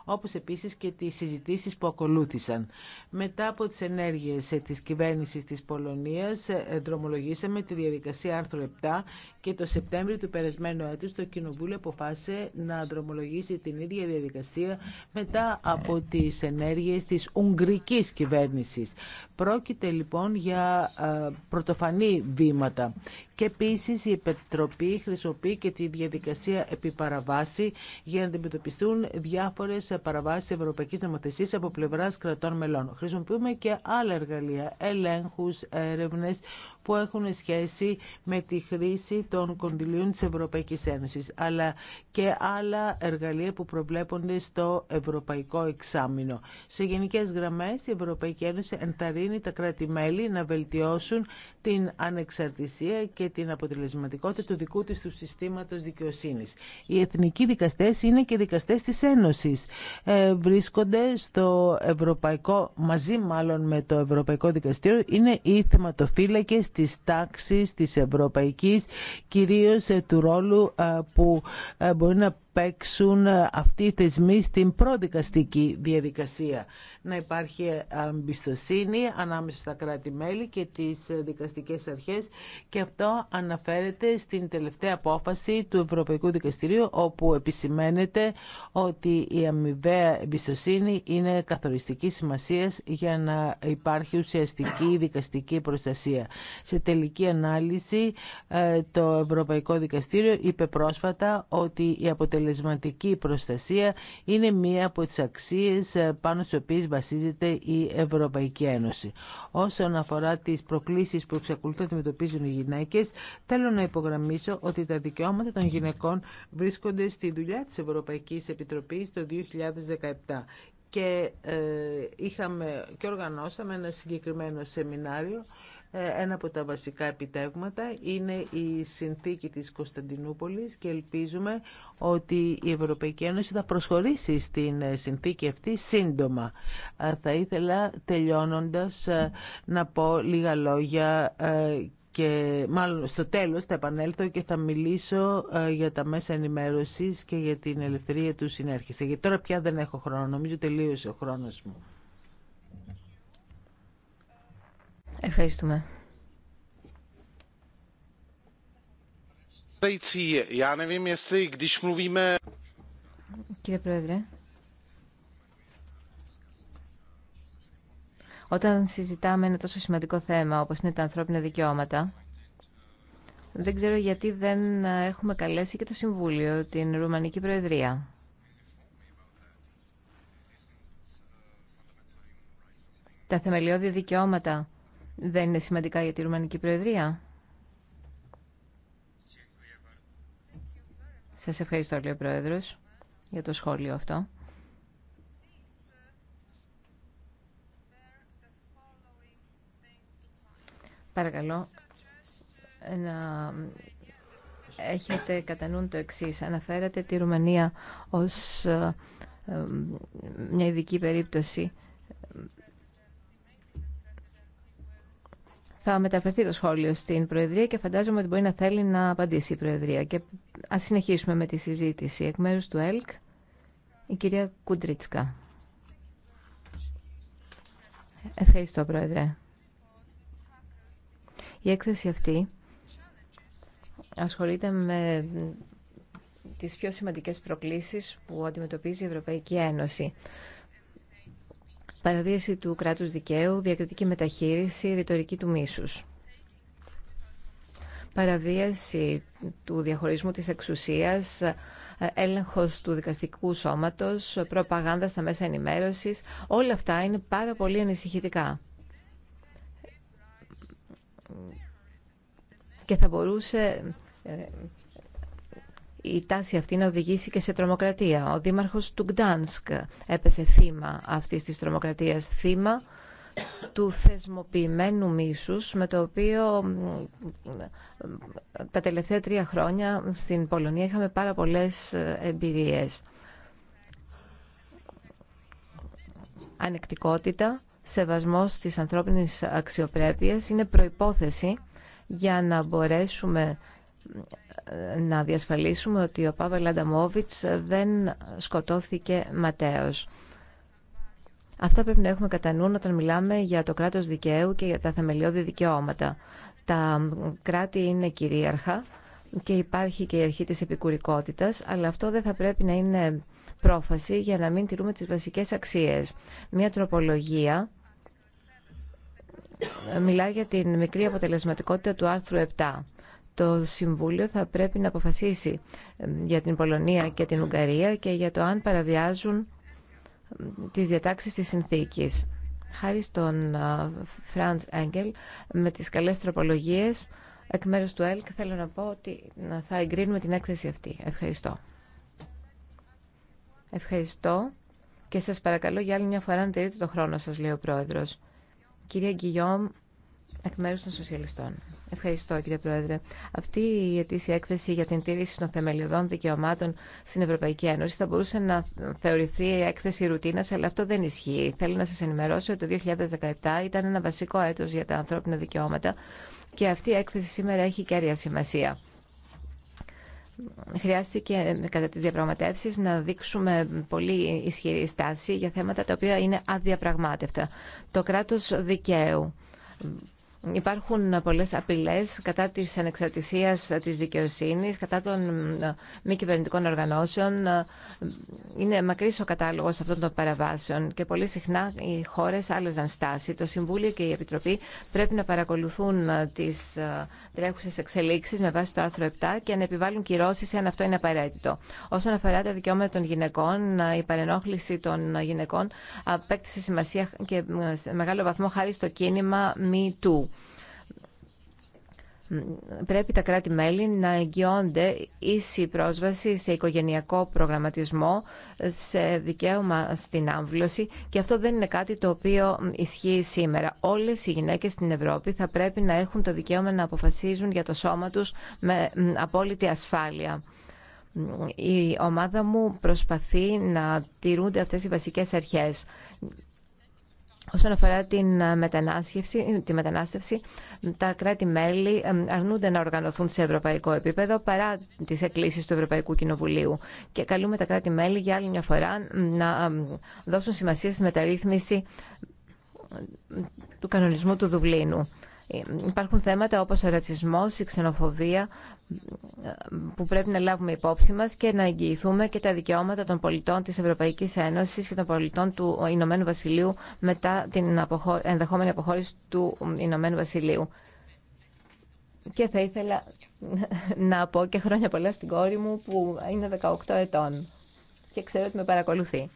όπως επίσης και τις συζητήσεις που ακολούθησαν. Μετά από τις ενέργειες της κυβέρνησης της Πολωνίας, ε, δρομολογήσαμε τη διαδικασία άρθρο 7 και το Σεπτέμβριο του περασμένου έτους το Κοινοβούλιο αποφάσισε να δρομολογήσει την ίδια διαδικασία μετά από τις ενέργειες της Ουγγρικής κυβέρνησης. Πρόκειται λοιπόν για ε, πρωτοφανή βήματα και επίση η Επιτροπή χρησιμοποιεί και τη διαδικασία επιπαραβάση για να αντιμετωπιστούν διάφορες παραβάσει Ευρωπαϊκή Νομοθεσία από πλευρά κρατών μελών. Χρησιμοποιούμε και άλλα εργαλεία, ελέγχου, έρευνε που έχουν σχέση με τη χρήση των κονδυλίων της Ευρωπαϊκής Ένωσης, αλλά και άλλα εργαλεία που προβλέπονται στο Ευρωπαϊκό Εξάμεινο. Σε γενικές γραμμές, η Ευρωπαϊκή Ένωση ενθαρρύνει τα κράτη-μέλη να βελτιώσουν την ανεξαρτησία και την αποτελεσματικότητα του δικού της του συστήματος δικαιοσύνης. Οι εθνικοί δικαστές είναι και δικαστές της Ένωσης. Ε, βρίσκονται στο Ευρωπαϊκό, μαζί μάλλον με το Ευρωπαϊκό Δικαστήριο, είναι οι θεματοφύλακες της τάξης, της ευρωπαϊκής, κυρίως ε, του ρόλου ε, που ε, μπορεί να παίξουν αυτοί οι θεσμοί στην προδικαστική διαδικασία. Να υπάρχει εμπιστοσύνη ανάμεσα στα κράτη-μέλη και τις δικαστικές αρχές και αυτό αναφέρεται στην τελευταία απόφαση του Ευρωπαϊκού Δικαστηρίου όπου επισημαίνεται ότι η αμοιβαία εμπιστοσύνη είναι καθοριστική σημασία για να υπάρχει ουσιαστική δικαστική προστασία. Σε τελική ανάλυση ε, το Ευρωπαϊκό Δικαστήριο είπε πρόσφατα ότι η αποτελεσματικότητα αποτελεσματική προστασία είναι μία από τις αξίες ε, πάνω στις οποίες βασίζεται η Ευρωπαϊκή Ένωση. Όσον αφορά τις προκλήσεις που εξακολουθούν να αντιμετωπίζουν οι γυναίκες, θέλω να υπογραμμίσω ότι τα δικαιώματα των γυναικών βρίσκονται στη δουλειά της Ευρωπαϊκής Επιτροπής το 2017 και ε, είχαμε και οργανώσαμε ένα συγκεκριμένο σεμινάριο ε, ένα από τα βασικά επιτεύγματα είναι η συνθήκη της Κωνσταντινούπολης και ελπίζουμε ότι η Ευρωπαϊκή Ένωση θα προσχωρήσει στην ε, συνθήκη αυτή σύντομα. Ε, θα ήθελα τελειώνοντας να πω λίγα λόγια και μάλλον στο τέλος θα επανέλθω και θα μιλήσω για τα μέσα ενημέρωσης και για την ελευθερία του συνέρχεσαι. Γιατί τώρα πια δεν έχω χρόνο, νομίζω τελείωσε ο χρόνος μου. Ευχαριστούμε. Κύριε Πρόεδρε, όταν συζητάμε ένα τόσο σημαντικό θέμα όπως είναι τα ανθρώπινα δικαιώματα, δεν ξέρω γιατί δεν έχουμε καλέσει και το Συμβούλιο, την Ρουμανική Προεδρία. Τα θεμελιώδη δικαιώματα δεν είναι σημαντικά για τη Ρουμανική Προεδρία. Σας ευχαριστώ, λέει Πρόεδρος, για το σχόλιο αυτό. Παρακαλώ να έχετε κατά νου το εξή. Αναφέρατε τη Ρουμανία ως ε, ε, μια ειδική περίπτωση Θα μεταφερθεί το σχόλιο στην Προεδρία και φαντάζομαι ότι μπορεί να θέλει να απαντήσει η Προεδρία. Και ας συνεχίσουμε με τη συζήτηση. Εκ μέρους του ΕΛΚ, η κυρία Κουντρίτσκα. Ευχαριστώ, Πρόεδρε. Η έκθεση αυτή ασχολείται με τις πιο σημαντικές προκλήσεις που αντιμετωπίζει η Ευρωπαϊκή Ένωση παραβίαση του κράτους δικαίου, διακριτική μεταχείριση, ρητορική του μίσους. Παραβίαση του διαχωρισμού της εξουσίας, έλεγχος του δικαστικού σώματος, προπαγάνδα στα μέσα ενημέρωσης, όλα αυτά είναι πάρα πολύ ανησυχητικά. Και θα μπορούσε ε, η τάση αυτή να οδηγήσει και σε τρομοκρατία. Ο δήμαρχος του Γκτάνσκ έπεσε θύμα αυτής της τρομοκρατίας, θύμα του θεσμοποιημένου μίσους με το οποίο τα τελευταία τρία χρόνια στην Πολωνία είχαμε πάρα πολλές ε, εμπειρίες. Ανεκτικότητα, σεβασμός της ανθρώπινης αξιοπρέπειας είναι προϋπόθεση για να μπορέσουμε να διασφαλίσουμε ότι ο Πάβελ Ανταμόβιτς δεν σκοτώθηκε ματέως. Αυτά πρέπει να έχουμε κατά νου όταν μιλάμε για το κράτος δικαίου και για τα θεμελιώδη δικαιώματα. Τα κράτη είναι κυρίαρχα και υπάρχει και η αρχή της επικουρικότητας, αλλά αυτό δεν θα πρέπει να είναι πρόφαση για να μην τηρούμε τις βασικές αξίες. Μία τροπολογία μιλάει για την μικρή αποτελεσματικότητα του άρθρου 7 το Συμβούλιο θα πρέπει να αποφασίσει για την Πολωνία και την Ουγγαρία και για το αν παραβιάζουν τις διατάξεις της συνθήκης. Χάρη στον Φραντς Έγκελ, με τις καλές τροπολογίες, εκ μέρους του ΕΛΚ θέλω να πω ότι θα εγκρίνουμε την έκθεση αυτή. Ευχαριστώ. Ευχαριστώ και σας παρακαλώ για άλλη μια φορά να τηρείτε το χρόνο σας, λέει ο Πρόεδρος. Κυρία Γκυγιόμ, εκ των σοσιαλιστών. Ευχαριστώ κύριε Πρόεδρε. Αυτή η αιτήσια έκθεση για την τήρηση των θεμελιωδών δικαιωμάτων στην Ευρωπαϊκή Ένωση θα μπορούσε να θεωρηθεί έκθεση ρουτίνα, αλλά αυτό δεν ισχύει. Θέλω να σας ενημερώσω ότι το 2017 ήταν ένα βασικό έτος για τα ανθρώπινα δικαιώματα και αυτή η έκθεση σήμερα έχει κέρια σημασία. Χρειάστηκε κατά τις διαπραγματεύσεις να δείξουμε πολύ ισχυρή στάση για θέματα τα οποία είναι αδιαπραγμάτευτα. Το κράτος δικαίου Υπάρχουν πολλές απειλές κατά της ανεξαρτησίας της δικαιοσύνης, κατά των ε, μη κυβερνητικών οργανώσεων. Ε, είναι μακρύς ο κατάλογος αυτών των παραβάσεων και πολύ συχνά οι χώρες άλλαζαν στάση. Το Συμβούλιο και η Επιτροπή πρέπει να παρακολουθούν ε, τις τρέχουσες εξελίξεις με βάση το άρθρο 7 και να επιβάλλουν κυρώσεις αν αυτό είναι απαραίτητο. Όσον αφορά τα δικαιώματα των γυναικών, η παρενόχληση των γυναικών απέκτησε σημασία και μεγάλο βαθμό χάρη στο κίνημα MeToo πρέπει τα κράτη-μέλη να εγγυώνται ίση πρόσβαση σε οικογενειακό προγραμματισμό, σε δικαίωμα στην άμβλωση και αυτό δεν είναι κάτι το οποίο ισχύει σήμερα. Όλες οι γυναίκες στην Ευρώπη θα πρέπει να έχουν το δικαίωμα να αποφασίζουν για το σώμα τους με απόλυτη ασφάλεια. Η ομάδα μου προσπαθεί να τηρούνται αυτές οι βασικές αρχές Όσον αφορά την ε, μετανάστευση, τη μετανάστευση τα κράτη-μέλη ε, αρνούνται να οργανωθούν σε ευρωπαϊκό επίπεδο παρά τις εκκλήσεις του Ευρωπαϊκού Κοινοβουλίου. Και καλούμε τα κράτη-μέλη για άλλη μια φορά να ε, δώσουν σημασία στη μεταρρύθμιση του κανονισμού του Δουβλίνου. Υπάρχουν θέματα όπως ο ρατσισμός, η ξενοφοβία που πρέπει να λάβουμε υπόψη μας και να εγγυηθούμε και τα δικαιώματα των πολιτών της Ευρωπαϊκής Ένωσης και των πολιτών του Ηνωμένου Βασιλείου μετά την ενδεχόμενη αποχώρηση του Ηνωμένου Βασιλείου. Και θα ήθελα να πω και χρόνια πολλά στην κόρη μου που είναι 18 ετών και ξέρω ότι με παρακολουθεί.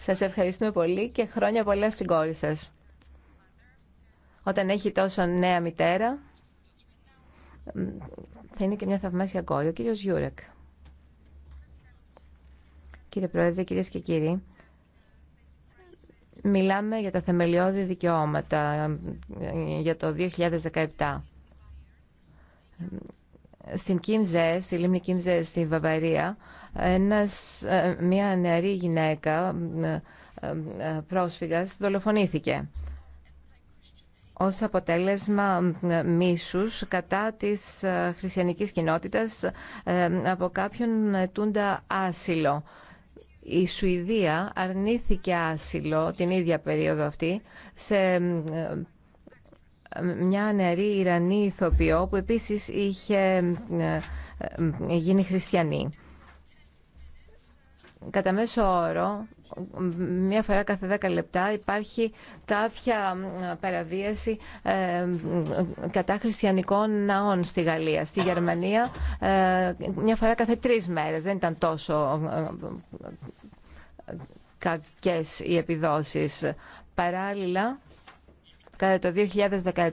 Σας ευχαριστούμε πολύ και χρόνια πολλά στην κόρη σας. Όταν έχει τόσο νέα μητέρα, θα είναι και μια θαυμάσια κόρη, ο κύριος Γιούρεκ. Κύριε Πρόεδρε, κυρίες και κύριοι, μιλάμε για τα θεμελιώδη δικαιώματα ε, για το 2017. Στην Κίμζε, στη λίμνη Κίμζε, στη Βαβαρία, ένας, ε, μια νεαρή γυναίκα, ε, ε, πρόσφυγας, δολοφονήθηκε ως αποτέλεσμα μίσους κατά της χριστιανικής κοινότητας από κάποιον αιτούντα άσυλο. Η Σουηδία αρνήθηκε άσυλο την ίδια περίοδο αυτή σε μια νεαρή Ιρανή ηθοποιό που επίσης είχε γίνει χριστιανή κατά μέσο όρο, μία φορά κάθε 10 λεπτά υπάρχει κάποια ε, παραβίαση ε, κατά χριστιανικών ναών στη Γαλλία. Στη Γερμανία, ε, μία φορά κάθε τρεις μέρες. Δεν ήταν τόσο κακές οι επιδόσεις. Παράλληλα, κατά το 2017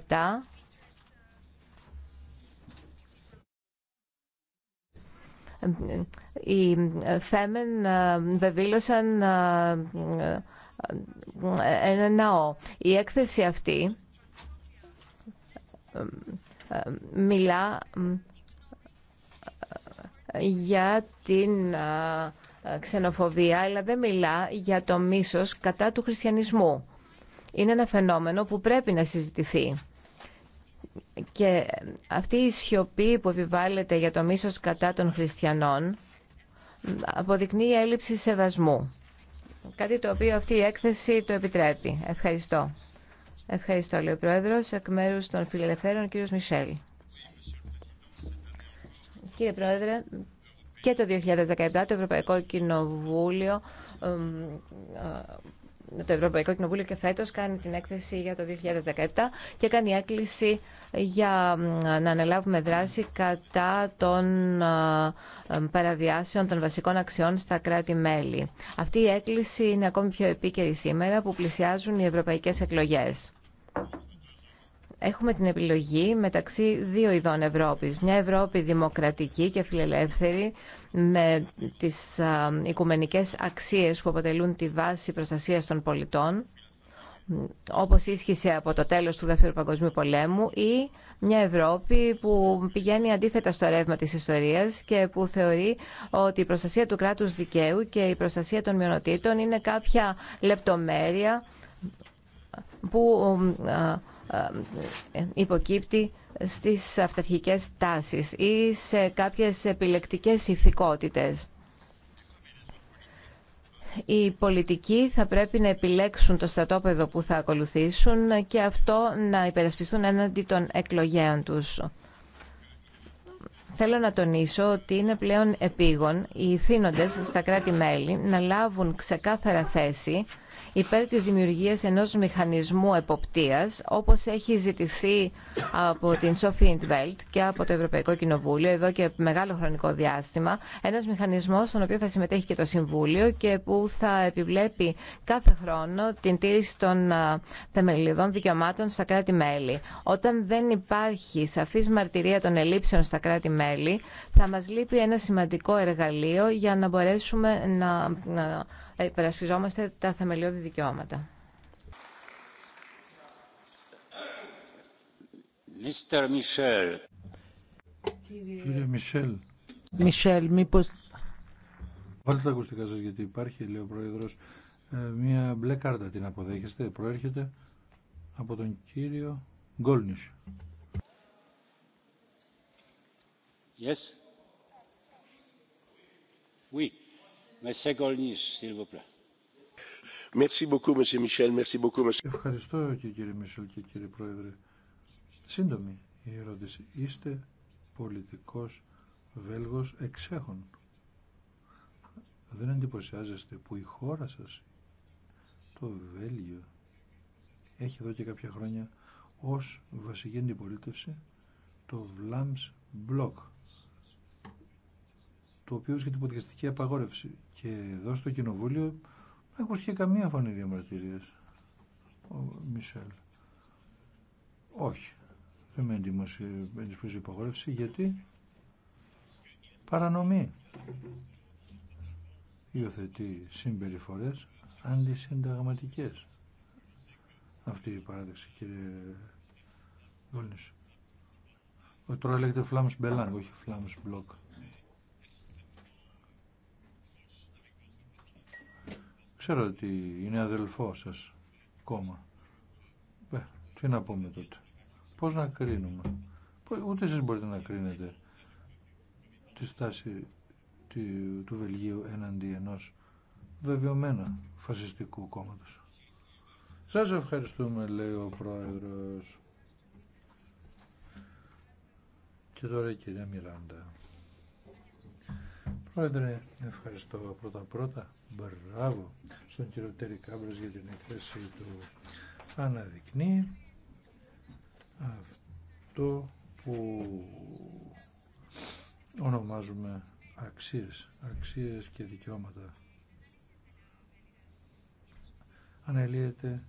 οι ε, Θέμεν ε, βεβήλωσαν ε, ένα ναό. Η έκθεση αυτή μιλά για την ξενοφοβία, αλλά δεν μιλά για το μίσος κατά του χριστιανισμού. Είναι ένα φαινόμενο που πρέπει να συζητηθεί. Και αυτή η σιωπή που επιβάλλεται για το μίσος κατά των χριστιανών αποδεικνύει έλλειψη σεβασμού. Κάτι το οποίο αυτή η έκθεση το επιτρέπει. Ευχαριστώ. Ευχαριστώ, λέει ο Πρόεδρος, εκ μέρου των φιλελευθέρων, κύριος Μισελ. Κύριε Πρόεδρε, και το 2017 το Ευρωπαϊκό Κοινοβούλιο το Ευρωπαϊκό Κοινοβούλιο και φέτος κάνει την έκθεση για το 2017 και κάνει έκκληση για να αναλάβουμε δράση κατά των παραδιάσεων των βασικών αξιών στα κράτη-μέλη. Αυτή η έκκληση είναι ακόμη πιο επίκαιρη σήμερα που πλησιάζουν οι ευρωπαϊκές εκλογές έχουμε την επιλογή μεταξύ δύο ειδών Ευρώπης. Μια Ευρώπη δημοκρατική και φιλελεύθερη με τις οικουμενικές αξίες που αποτελούν τη βάση προστασίας των πολιτών όπως ίσχυσε από το τέλος του Δεύτερου Παγκοσμίου Πολέμου ή μια Ευρώπη που πηγαίνει αντίθετα στο ρεύμα της ιστορίας και που θεωρεί ότι η προστασία του κράτους δικαίου και η προστασία των μειονοτήτων είναι κάποια λεπτομέρεια που ε, ε, υποκύπτει στις αυταρχικές τάσεις ή σε κάποιες επιλεκτικές ηθικότητες. Οι πολιτικοί θα πρέπει να επιλέξουν το στρατόπεδο που θα ακολουθήσουν και αυτό να υπερασπιστούν έναντι των εκλογέων τους. Θέλω να τονίσω ότι είναι πλέον επίγον οι θύνοντες στα κράτη-μέλη να λάβουν ξεκάθαρα θέση υπέρ της δημιουργίας ενός μηχανισμού εποπτείας, όπως έχει ζητηθεί από την Sophie Intveld και από το Ευρωπαϊκό Κοινοβούλιο εδώ και μεγάλο χρονικό διάστημα, ένας μηχανισμός στον οποίο θα συμμετέχει και το Συμβούλιο και που θα επιβλέπει κάθε χρόνο την τήρηση των θεμελιωδών δικαιωμάτων στα κράτη-μέλη. Όταν δεν υπάρχει σαφής μαρτυρία των ελλείψεων στα κράτη-μέλη, θα μας λείπει ένα σημαντικό εργαλείο για να μπορέσουμε να υπερασπιζόμαστε τα θεμελιώδη δικαιώματα. Κύριε Μισελ. Μισελ, μήπως... Βάλτε τα ακουστικά σας γιατί υπάρχει, λέει ο Πρόεδρος, ε, μία μπλε κάρτα την αποδέχεστε, προέρχεται από τον κύριο Γκόλνις. Yes. Oui. Ευχαριστώ και κύριε Μισελ και κύριε Πρόεδρε. Σύντομη η ερώτηση. Είστε πολιτικός Βέλγος εξέχων. Δεν εντυπωσιάζεστε που η χώρα σας, το Βέλγιο, έχει εδώ και κάποια χρόνια ως βασική αντιπολίτευση το Βλάμς Μπλοκ, το οποίο βρίσκεται την δικαστική απαγόρευση και εδώ στο κοινοβούλιο δεν ακούστηκε καμία φωνή διαμαρτυρία. Ο Μισελ. Όχι. Δεν με η υπογόρευση. γιατί παρανομή. Υιοθετεί συμπεριφορές αντισυνταγματικέ. Αυτή η παράδειξη κύριε Δόλνη. Τώρα λέγεται Flams Belang, όχι Flams Block. Ξέρω ότι είναι αδελφό σας κόμμα. Ε, τι να πούμε τότε. Πώς να κρίνουμε. Ούτε εσείς μπορείτε να κρίνετε τη στάση του Βελγίου έναντι ενός βεβαιωμένα φασιστικού κόμματος. Σας ευχαριστούμε, λέει ο Πρόεδρος. Και τώρα η κυρία Μιράντα. Πρόεδρε, ευχαριστώ πρώτα πρώτα. Μπράβο στον κύριο Τέρη για την εκθέση του. Αναδεικνύει αυτό που ονομάζουμε αξίες, αξίες και δικαιώματα. Αναλύεται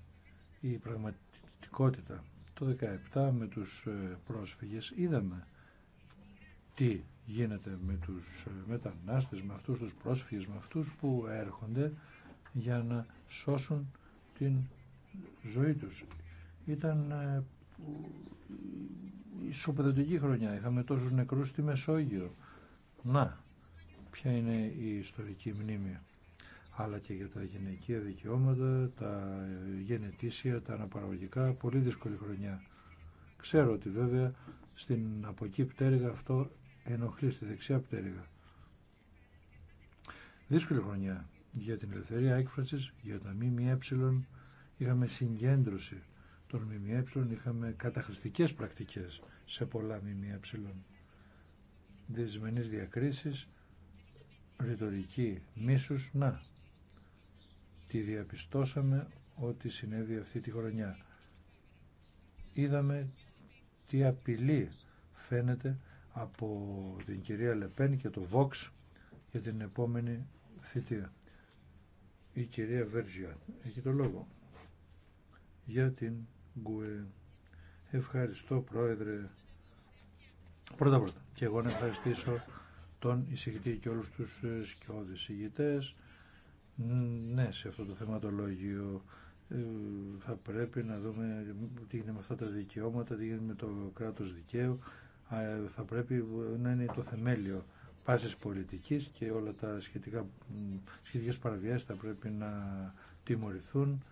η πραγματικότητα. Το 17 με τους ε, πρόσφυγες είδαμε τι γίνεται με τους ε, μετανάστες, με αυτούς τους πρόσφυγες, με αυτούς που έρχονται για να σώσουν την ζωή τους. Ήταν ε, ισοπεδωτική χρονιά, είχαμε τόσους νεκρούς στη Μεσόγειο. Να, ποια είναι η ιστορική μνήμη αλλά και για τα γυναικεία δικαιώματα, τα γενετήσια, τα αναπαραγωγικά, πολύ δύσκολη χρονιά. Ξέρω ότι βέβαια στην αποκή αυτό στη δεξιά πτέρυγα. Δύσκολη χρονιά για την ελευθερία έκφρασης, για τα ΜΜΕ, είχαμε συγκέντρωση των ΜΜΕ, είχαμε καταχρηστικές πρακτικές σε πολλά ΜΜΕ, Δυσμενεί διακρίσεις, ρητορική μίσους, να, τη διαπιστώσαμε ότι συνέβη αυτή τη χρονιά. Είδαμε τι απειλή φαίνεται από την κυρία Λεπέν και το Vox για την επόμενη θητεία. Η κυρία Βέρζια έχει το λόγο για την Γκουε. Ευχαριστώ πρόεδρε. Πρώτα πρώτα και εγώ να ευχαριστήσω τον εισηγητή και όλους τους ε, σκιώδεις ηγητές. Ναι, σε αυτό το θεματολόγιο ε, θα πρέπει να δούμε τι γίνεται με αυτά τα δικαιώματα, τι γίνεται με το κράτος δικαίου ε, θα πρέπει ε, να είναι το θεμέλιο πάσης πολιτικής και όλα τα σχετικά, σχετικές παραβιάσεις θα πρέπει να τιμωρηθούν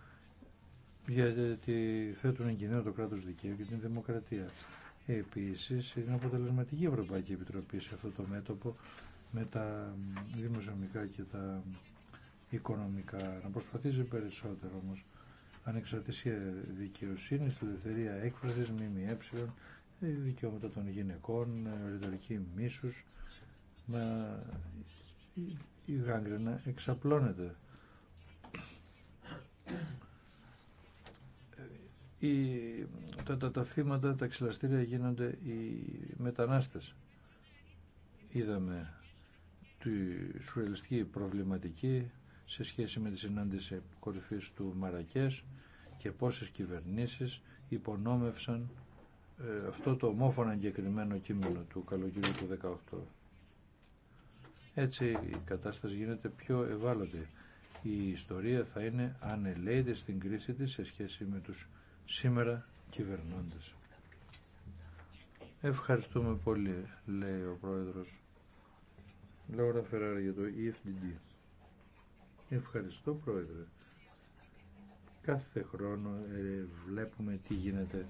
γιατί θέτουν εν το κράτος δικαίου και την δημοκρατία. Επίσης, είναι αποτελεσματική η Ευρωπαϊκή Επιτροπή σε αυτό το μέτωπο με τα δημοσιομικά και τα οικονομικά. Να προσπαθήσει περισσότερο όμως ανεξαρτησία δικαιοσύνης, ελευθερία έκφρασης, ΜΜΕ, δικαιώματα των γυναικών, ε, ρητορική μίσους, με η γάγκρενα εξαπλώνεται. Ε, η, τα, τα, τα θύματα, τα ξυλαστήρια γίνονται οι μετανάστες. Είδαμε τη σουρελιστική προβληματική σε σχέση με τη συνάντηση κορυφής του Μαρακές και πόσες κυβερνήσεις υπονόμευσαν ε, αυτό το ομόφωνα εγκεκριμένο κείμενο του καλοκαιριού του 18. Έτσι η κατάσταση γίνεται πιο ευάλωτη. Η ιστορία θα είναι ανελέητη στην κρίση της σε σχέση με τους σήμερα κυβερνώντες. Ευχαριστούμε πολύ, λέει ο Πρόεδρος. Λαούρα Φεράρα για το EFDD. Ευχαριστώ, Πρόεδρε. Κάθε χρόνο ε, βλέπουμε τι γίνεται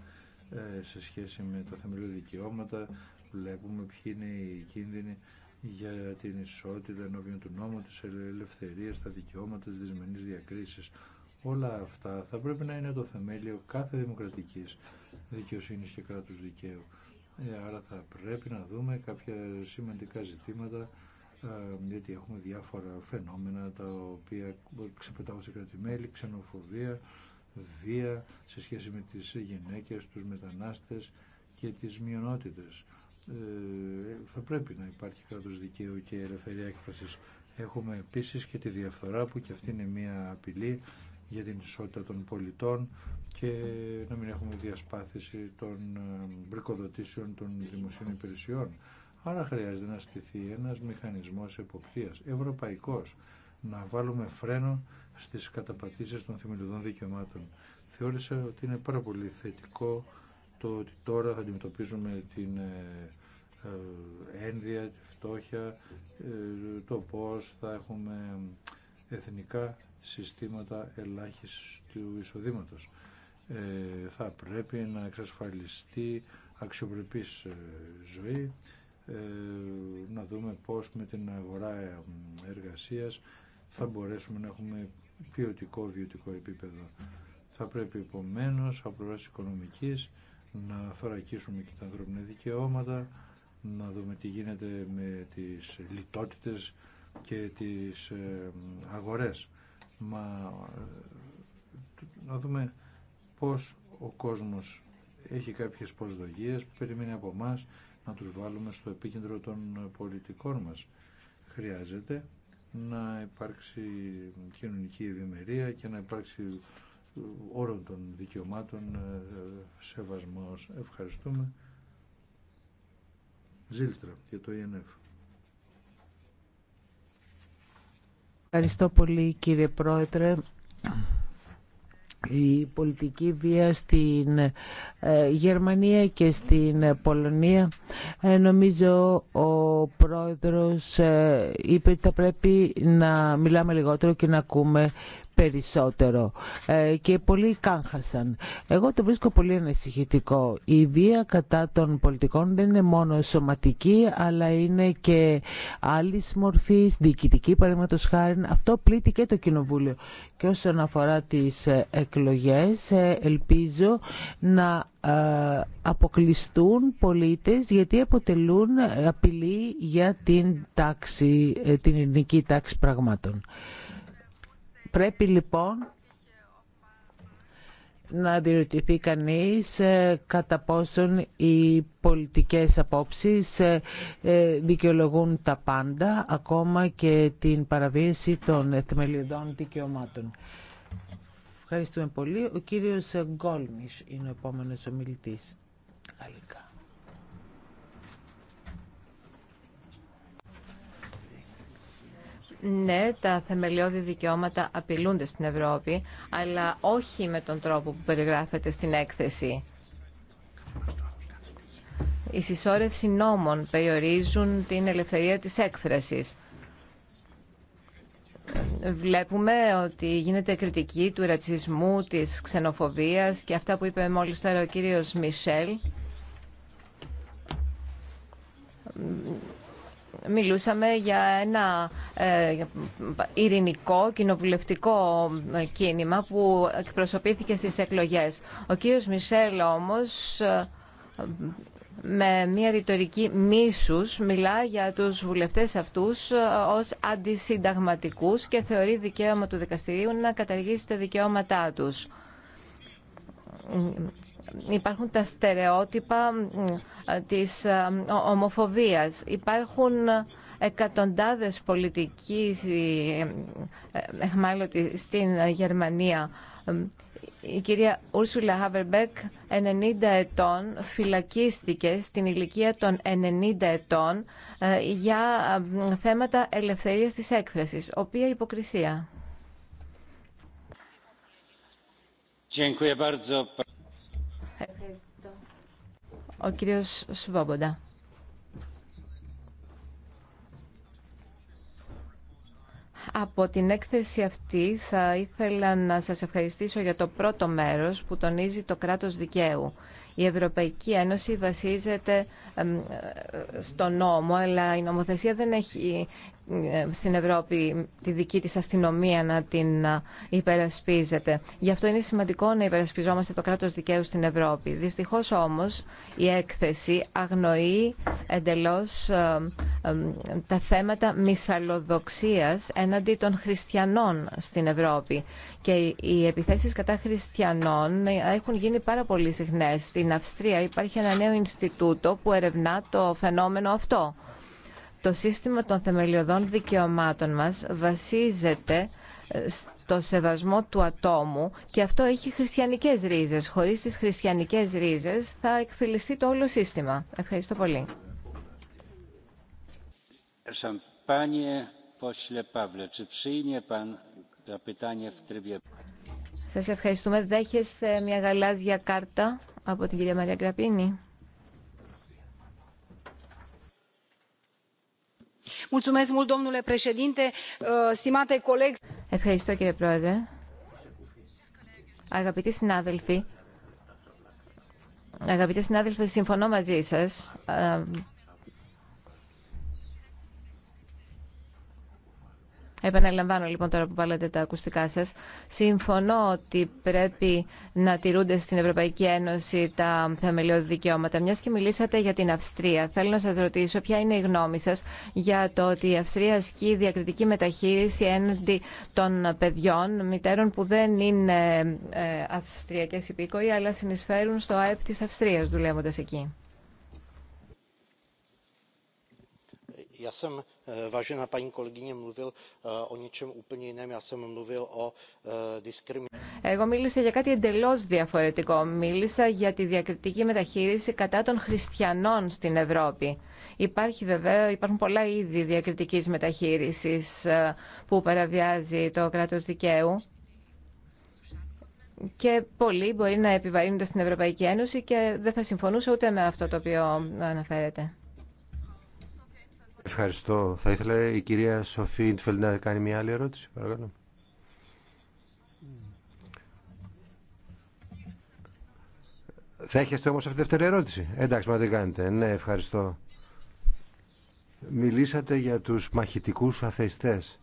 ε, σε σχέση με τα θεμελιώδη δικαιώματα, βλέπουμε ποιοι είναι οι κίνδυνοι για την ισότητα ενώπιον του νόμου, της ελευθερίας, τα δικαιώματα, τι δυσμενεί διακρίσει, Όλα αυτά θα πρέπει να είναι το θεμέλιο κάθε δημοκρατικής δικαιοσύνη και κράτου δικαίου. Ε, άρα θα πρέπει να δούμε κάποια σημαντικά ζητήματα, ε, γιατί έχουμε διάφορα φαινόμενα τα οποία ξεπετάγονται σε κρατημέλη, ξενοφοβία, βία σε σχέση με τις γυναίκες, τους μετανάστες και τις μειονότητες. Ε, θα πρέπει να υπάρχει κράτος δικαίου και ελευθερία έκφρασης. Έχουμε επίσης και τη διαφθορά που και αυτή είναι μια απειλή για την ισότητα των πολιτών και να μην έχουμε διασπάθηση των ε, βρικοδοτήσεων των δημοσίων υπηρεσιών. Άρα χρειάζεται να στηθεί ένας μηχανισμός εποπτείας ευρωπαϊκός να βάλουμε φρένο στις καταπατήσεις των θεμελιωδών δικαιωμάτων. Θεώρησα ότι είναι πάρα πολύ θετικό το ότι τώρα θα αντιμετωπίζουμε την ε, ε, ένδια, τη φτώχεια, ε, το πώς θα έχουμε εθνικά συστήματα ελάχιστου του εισοδήματος. θα πρέπει να εξασφαλιστεί αξιοπρεπής ζωή, να δούμε πώς με την αγορά εργασίας θα μπορέσουμε να έχουμε ποιοτικό βιωτικό επίπεδο. Θα πρέπει επομένω από πλευρά οικονομική να θωρακίσουμε και τα ανθρώπινα δικαιώματα, να δούμε τι γίνεται με τις λιτότητες και τις ε, αγορές. Μα ε, να δούμε πώς ο κόσμος έχει κάποιες προσδοκίες που περιμένει από μας να τους βάλουμε στο επίκεντρο των πολιτικών μας. Χρειάζεται να υπάρξει κοινωνική ευημερία και να υπάρξει ε, όρων των δικαιωμάτων ε, ε, σεβασμός. Ευχαριστούμε. Ζήλστρα και το ΙΕΝΕΦ. Ευχαριστώ πολύ κύριε Πρόεδρε η πολιτική βία στην ε, Γερμανία και στην Πολωνία. Ε, νομίζω ο πρόεδρος ε, είπε ότι θα πρέπει να μιλάμε λιγότερο και να ακούμε περισσότερο ε, και πολλοί κάγχασαν. Εγώ το βρίσκω πολύ ανησυχητικό. Η βία κατά των πολιτικών δεν είναι μόνο σωματική, αλλά είναι και άλλη μορφή, διοικητική παραδείγματο χάρη. Αυτό πλήττει και το Κοινοβούλιο. Και όσον αφορά τις ε, εκλογές, ε, ελπίζω να αποκλειστούν πολίτες γιατί αποτελούν απειλή για την τάξη, την ελληνική τάξη πραγμάτων. Πρέπει λοιπόν να διερωτηθεί κανείς ε, κατά πόσον οι πολιτικές απόψεις ε, ε, δικαιολογούν τα πάντα, ακόμα και την παραβίαση των θεμελιωδών δικαιωμάτων. Ευχαριστούμε πολύ. Ο κύριος Γκόλμις είναι ο επόμενος ομιλητής. Γαλλικά. ναι, τα θεμελιώδη δικαιώματα απειλούνται στην Ευρώπη, αλλά όχι με τον τρόπο που περιγράφεται στην έκθεση. Η συσσόρευση νόμων περιορίζουν την ελευθερία της έκφρασης. Βλέπουμε ότι γίνεται κριτική του ρατσισμού, της ξενοφοβίας και αυτά που είπε μόλις τώρα ο κύριος Μισελ. Μιλούσαμε για ένα ε, ειρηνικό κοινοβουλευτικό ε, κίνημα που εκπροσωπήθηκε στις εκλογές. Ο κύριος Μισελ όμως ε, με μια ρητορική μίσους μιλά για τους βουλευτές αυτούς ως αντισυνταγματικούς και θεωρεί δικαίωμα του δικαστηρίου να καταργήσει τα δικαιώματά τους. Υπάρχουν τα στερεότυπα της ομοφοβίας. Υπάρχουν εκατοντάδες πολιτικοί ε, ε, εχμάλωτοι στην Γερμανία. Η κυρία Ούρσουλα Χαβερμπέκ, 90 ετών, φυλακίστηκε στην ηλικία των 90 ετών ε, για θέματα ελευθερίας της έκφρασης. Οποία υποκρισία. Ο κύριος Σβόμποντα. Από την έκθεση αυτή θα ήθελα να σας ευχαριστήσω για το πρώτο μέρος που τονίζει το κράτος δικαίου. Η Ευρωπαϊκή Ένωση βασίζεται ε, ε, στο νόμο, αλλά η νομοθεσία δεν έχει ε, στην Ευρώπη τη δική της αστυνομία να την ε, υπερασπίζεται. Γι' αυτό είναι σημαντικό να υπερασπιζόμαστε το κράτος δικαίου στην Ευρώπη. Δυστυχώς όμως η έκθεση αγνοεί εντελώς ε, τα θέματα μυσαλλοδοξίας έναντι των χριστιανών στην Ευρώπη. Και οι επιθέσεις κατά χριστιανών έχουν γίνει πάρα πολύ συχνές. Στην Αυστρία υπάρχει ένα νέο Ινστιτούτο που ερευνά το φαινόμενο αυτό. Το σύστημα των θεμελιωδών δικαιωμάτων μας βασίζεται ε, στο σεβασμό του ατόμου και αυτό έχει χριστιανικές ρίζες. Χωρίς τις χριστιανικές ρίζες θα εκφυλιστεί το όλο σύστημα. Ευχαριστώ πολύ. Σας ευχαριστούμε. Δέχεστε μια γαλάζια κάρτα από την κυρία Μαρία Γκραπίνη. Uh, Ευχαριστώ κύριε Πρόεδρε. Αγαπητοί συνάδελφοι, συνάδελφοι, συμφωνώ μαζί σας Επαναλαμβάνω λοιπόν τώρα που βάλετε τα ακουστικά σας. Συμφωνώ ότι πρέπει να τηρούνται στην Ευρωπαϊκή Ένωση τα θεμελιώδη δικαιώματα. Μια και μιλήσατε για την Αυστρία. Θέλω να σας ρωτήσω ποια είναι η γνώμη σας για το ότι η Αυστρία ασκεί διακριτική μεταχείριση έναντι των παιδιών, μητέρων που δεν είναι ε, αυστριακές υπήκοοι, αλλά συνεισφέρουν στο ΑΕΠ τη Αυστρία, δουλεύοντα εκεί. já jsem eh, paní mluvil eh, o něčem úplně jiném já jsem mluvil o eh, diskriminaci. Εγώ μίλησα για κάτι εντελώς διαφορετικό. Μίλησα για τη διακριτική μεταχείριση κατά των χριστιανών στην Ευρώπη. Υπάρχει βέβαια, υπάρχουν πολλά είδη διακριτικής μεταχείρισης ε, που παραβιάζει το κράτος δικαίου και πολλοί μπορεί να επιβαρύνονται στην Ευρωπαϊκή Ένωση και δεν θα συμφωνούσα ούτε με αυτό το οποίο αναφέρεται. Ευχαριστώ. Θα ήθελα η κυρία Σοφή Ιντφελ να κάνει μια άλλη ερώτηση, παρακαλώ. έχετε όμως αυτή τη δεύτερη ερώτηση. Εντάξει, μα δεν κάνετε. Ναι, ευχαριστώ. Μιλήσατε για τους μαχητικούς αθειστές.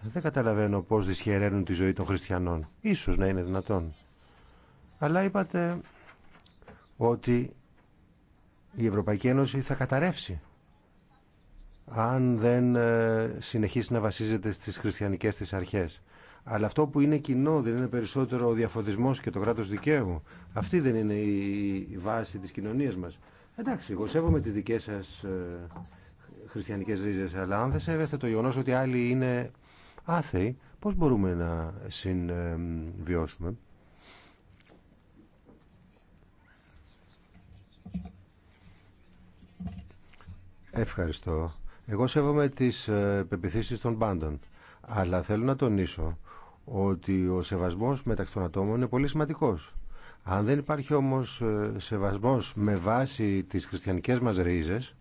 Δεν καταλαβαίνω πώς δυσχεραίνουν τη ζωή των χριστιανών. Ίσως να είναι δυνατόν. Αλλά είπατε ότι η Ευρωπαϊκή Ένωση θα καταρρεύσει αν δεν ε, συνεχίσει να βασίζεται στις χριστιανικές της αρχές. Αλλά αυτό που είναι κοινό δεν είναι περισσότερο ο διαφωτισμός και το κράτος δικαίου. Αυτή δεν είναι η βάση της κοινωνίας μας. Εντάξει, εγώ σέβομαι τις δικές σας ε, χριστιανικές ρίζες, αλλά αν δεν σέβεστε το γεγονός ότι άλλοι είναι άθεοι, πώς μπορούμε να συμβιώσουμε. Ε, Ευχαριστώ. Εγώ σέβομαι τις ε, πεπιθήσεις των πάντων, αλλά θέλω να τονίσω ότι ο σεβασμός μεταξύ των ατόμων είναι πολύ σημαντικός. Αν δεν υπάρχει όμως ε, σεβασμός με βάση τις χριστιανικές μας ρίζες,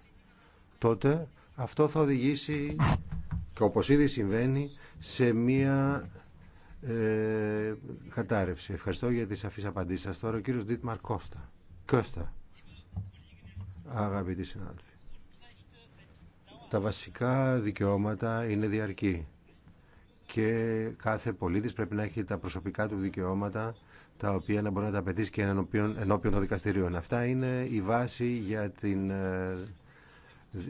τότε αυτό θα οδηγήσει, και όπως ήδη συμβαίνει, σε μία ε, κατάρρευση. Ευχαριστώ για τις σαφεί απαντήσει σας. Τώρα ο κύριος Δίτμαρ Κώστα. Κώστα, αγαπητοί συνάδελφοι. Τα βασικά δικαιώματα είναι διαρκή και κάθε πολίτης πρέπει να έχει τα προσωπικά του δικαιώματα τα οποία να μπορεί να τα απαιτήσει και ενώπιον, ενώπιον των δικαστηρίων. Αυτά είναι η βάση για την, ε,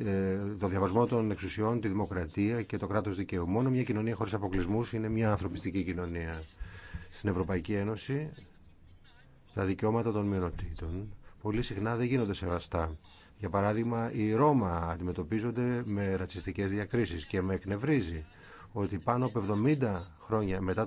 ε, το διαβασμό των εξουσιών, τη δημοκρατία και το κράτος δικαίου. Μόνο μια κοινωνία χωρίς αποκλεισμούς είναι μια ανθρωπιστική κοινωνία. Στην Ευρωπαϊκή Ένωση τα δικαιώματα των μειονοτήτων πολύ συχνά δεν γίνονται σεβαστά για παράδειγμα, οι Ρώμα αντιμετωπίζονται με ρατσιστικές διακρίσεις και με εκνευρίζει ότι πάνω από 70 χρόνια μετά